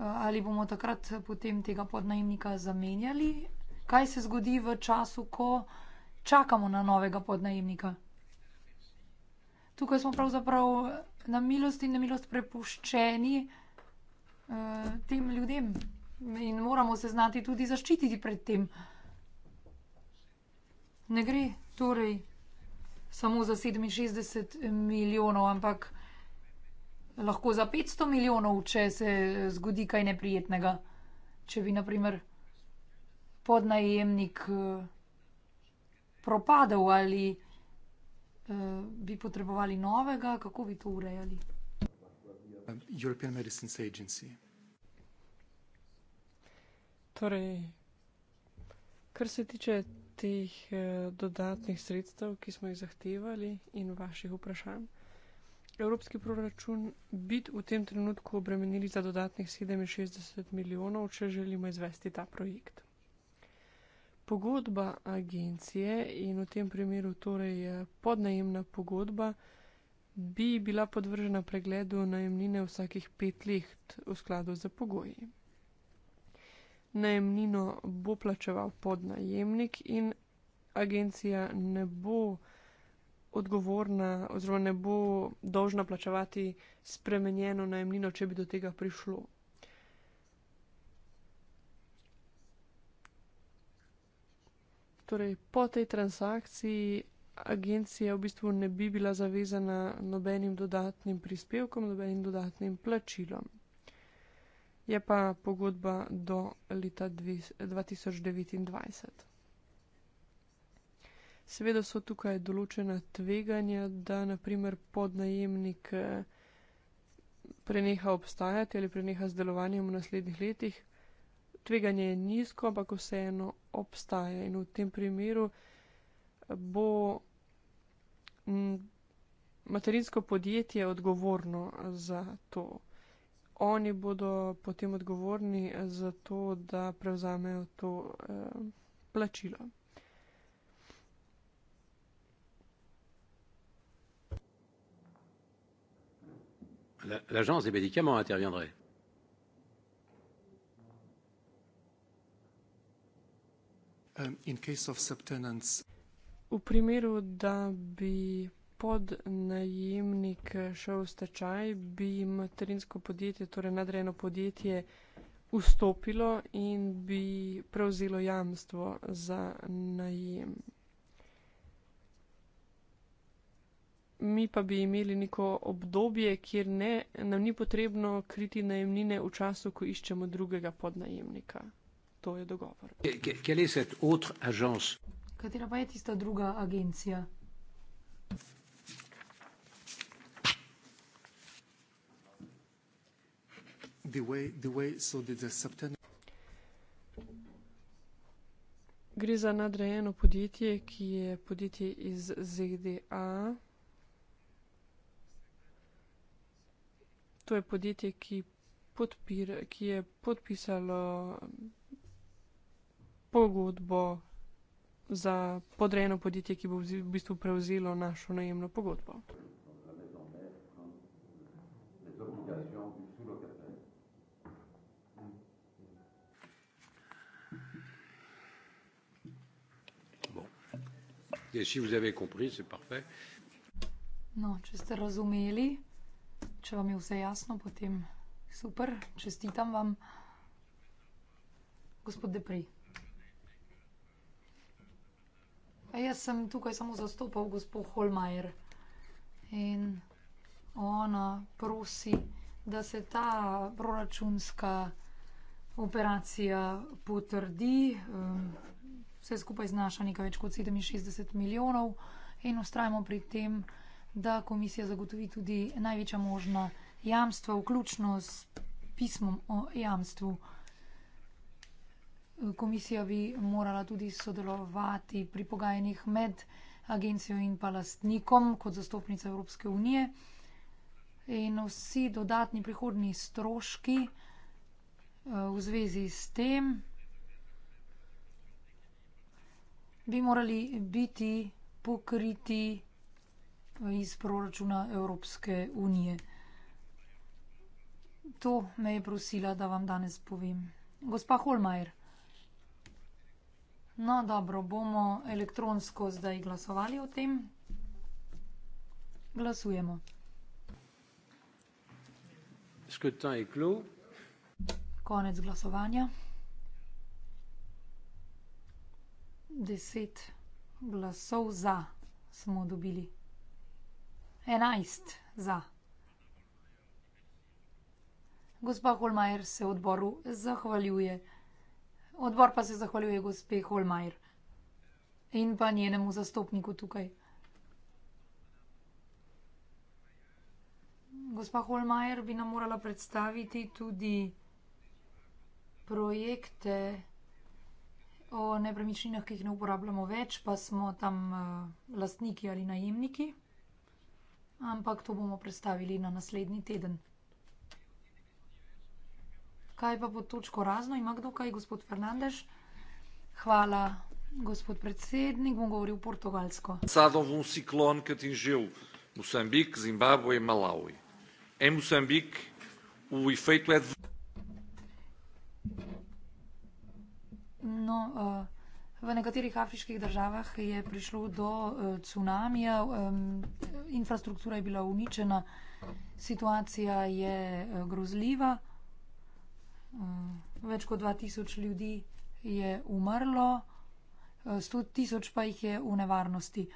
ali bomo takrat potem tega podnajemnika zamenjali? Kaj se zgodi v času, ko čakamo na novega podnajemnika? Tukaj smo pravzaprav na milost in na milost prepuščeni uh, tem ljudem in moramo se znati tudi zaščititi pred tem. Ne gre torej samo za 67 milijonov, ampak lahko za 500 milijonov, če se zgodi kaj neprijetnega. Če bi, na primer, podnajemnik eh, propadel ali eh, bi potrebovali novega, kako bi to urejali? Torej, kar se tiče teh eh, dodatnih sredstev, ki smo jih zahtevali, in vaših vprašanj evropski proračun biti v tem trenutku obremenili za dodatnih 67 milijonov, če želimo izvesti ta projekt. Pogodba agencije in v tem primeru torej eh, podnajemna pogodba bi bila podvržena pregledu najemnine vsakih pet let v skladu z pogoji. Najemnino bo plačeval podnajemnik in agencija ne bo odgovorna oziroma ne bo dolžna plačevati spremenjeno najemnino, če bi do tega prišlo. Torej, po tej transakciji agencija v bistvu ne bi bila zavezana nobenim dodatnim prispevkom, nobenim dodatnim plačilom. Je pa pogodba do leta 2029. Seveda so tukaj določena tveganja, da na primer podnajemnik eh, preneha obstajati ali preneha z delovanjem v naslednjih letih. Tveganje je nizko, ampak vseeno obstaja in v tem primeru eh, bo materinsko podjetje odgovorno za to. Oni bodo potem odgovorni za to, da prevzamejo to eh, plačilo. L'agence des médicaments interviendrait. Um, in case of subtenants. V primeru, da bi podnajemnik šel v stečaj, bi materinsko podjetje, torej nadrejeno podjetje, vstopilo in bi prevzelo jamstvo za najem. mi pa bi imeli neko obdobje, kjer ne, nam ni potrebno kriti najemnine v času, ko iščemo drugega podnajemnika. To je dogovor. Katera pa je tista druga agencija? Gre za nadrejeno podjetje, ki je podjetje iz ZDA. to je podjetje, ki, podpira, ki je podpisalo pogodbo za podrejeno podjetje, ki bo v bistvu prevzelo našo najemno pogodbo. Si compris, no, če ste razumeli, Če vam je vse jasno, potem super, čestitam vam, gospod Depri. E, jaz sem tukaj samo zastopal gospod Holmajer in ona prosi, da se ta proračunska operacija potrdi. Ehm, vse skupaj znaša nekaj več kot 67 milijonov in ustrajamo pri tem da komisija zagotovi tudi največja možna jamstva, vključno s pismom o jamstvu. Komisija bi morala tudi sodelovati pri pogajanjih med agencijo in pa lastnikom kot zastopnica Evropske unije in vsi dodatni prihodni stroški eh, v zvezi s tem bi morali biti pokriti iz proračuna Evropske unije. To me je prosila, da vam danes povem. Gospa Holmajer. No, dobro, bomo elektronsko zdaj glasovali o tem. Glasujemo. Konec glasovanja. Deset glasov za smo dobili. Enajst za. Gospa Holmajer se odboru zahvaljuje. Odbor pa se zahvaljuje gospe Holmajer in pa njenemu zastopniku tukaj. Gospa Holmajer bi nam morala predstaviti tudi projekte o nepremičninah, ki jih ne uporabljamo več, pa smo tam eh, lastniki ali najemniki ampak to bomo predstavili na naslednji teden. Kaj pa pod točko razno ima kdo kaj, gospod Fernandez? Hvala, gospod predsednik, bom govoril portugalsko. Sadov un um ciklon, ki ti žil Mosambik, Zimbabve, e Malawi. Je Mosambik v efektu. No, uh, V nekaterih afriških državah je prišlo do eh, cunamija, infrastruktura je bila uničena, situacija je eh, grozljiva. Eh, več kot 2000 ljudi je umrlo, 100 tisoč pa jih je v nevarnosti.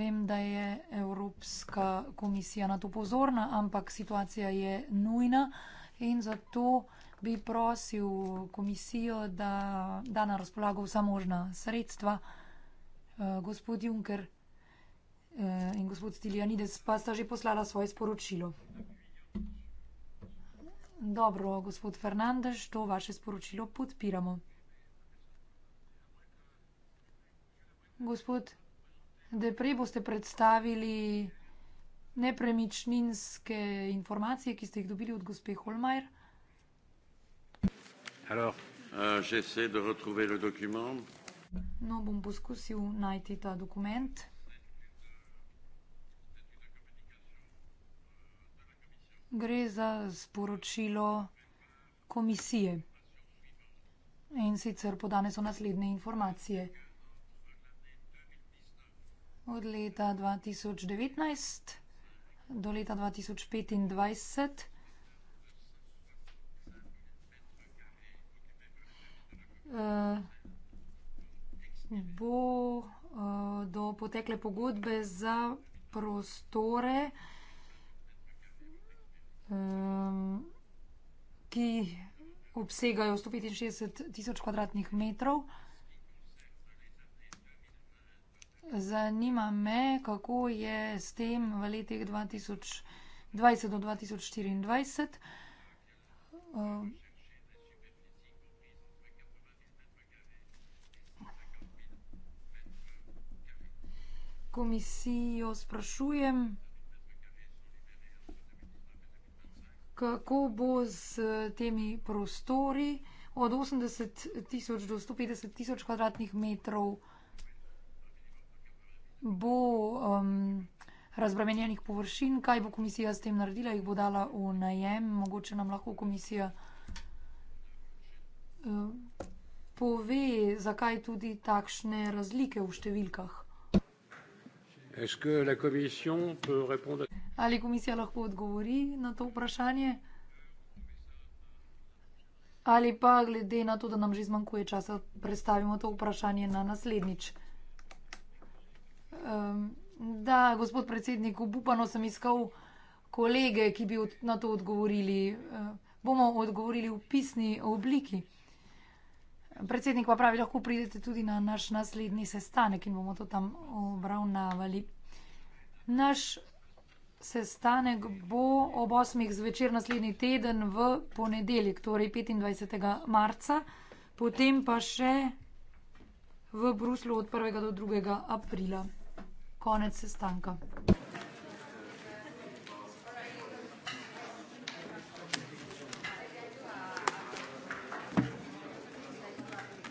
Vem, da je Evropska komisija na to pozorna, ampak situacija je nujna in zato bi prosil komisijo, da da na razpolago vsa možna sredstva. Eh, gospod Juncker eh, in gospod Stilianides pa sta že poslala svoje sporočilo. Dobro, gospod Fernandez, to vaše sporočilo podpiramo. Gospod, deprej boste predstavili nepremičninske informacije, ki ste jih dobili od gospe Holmajer. Alors, euh, de retrouver le document. No, bom poskusil najti ta dokument. Gre za sporočilo komisije. In sicer podane so naslednje informacije. Od leta 2019 do leta 2025. Uh, eh, bo uh, do potekle pogodbe za prostore, um, ki obsegajo 165 tisoč kvadratnih metrov. Zanima me, kako je s tem v letih 2020 do 2024. Eh, komisijo sprašujem, kako bo z temi prostori od 80 tisoč do 150 tisoč kvadratnih metrov bo um, razbremenjenih površin, kaj bo komisija s tem naredila, jih bo dala v najem, mogoče nam lahko komisija um, pove, zakaj tudi takšne razlike v številkah. Ali komisija lahko odgovori na to vprašanje? Ali pa glede na to, da nam že zmanjkuje časa, predstavimo to vprašanje na naslednjič. Um, da, gospod predsednik, upano sem iskal kolege, ki bi na to odgovorili. Uh, bomo odgovorili v pisni obliki. Predsednik pa pravi, lahko pridete tudi na naš naslednji sestanek in bomo to tam obravnavali. Naš sestanek bo ob 8. zvečer naslednji teden v ponedeljek, torej 25. marca, potem pa še v Bruslu od 1. do 2. aprila konec sestanka.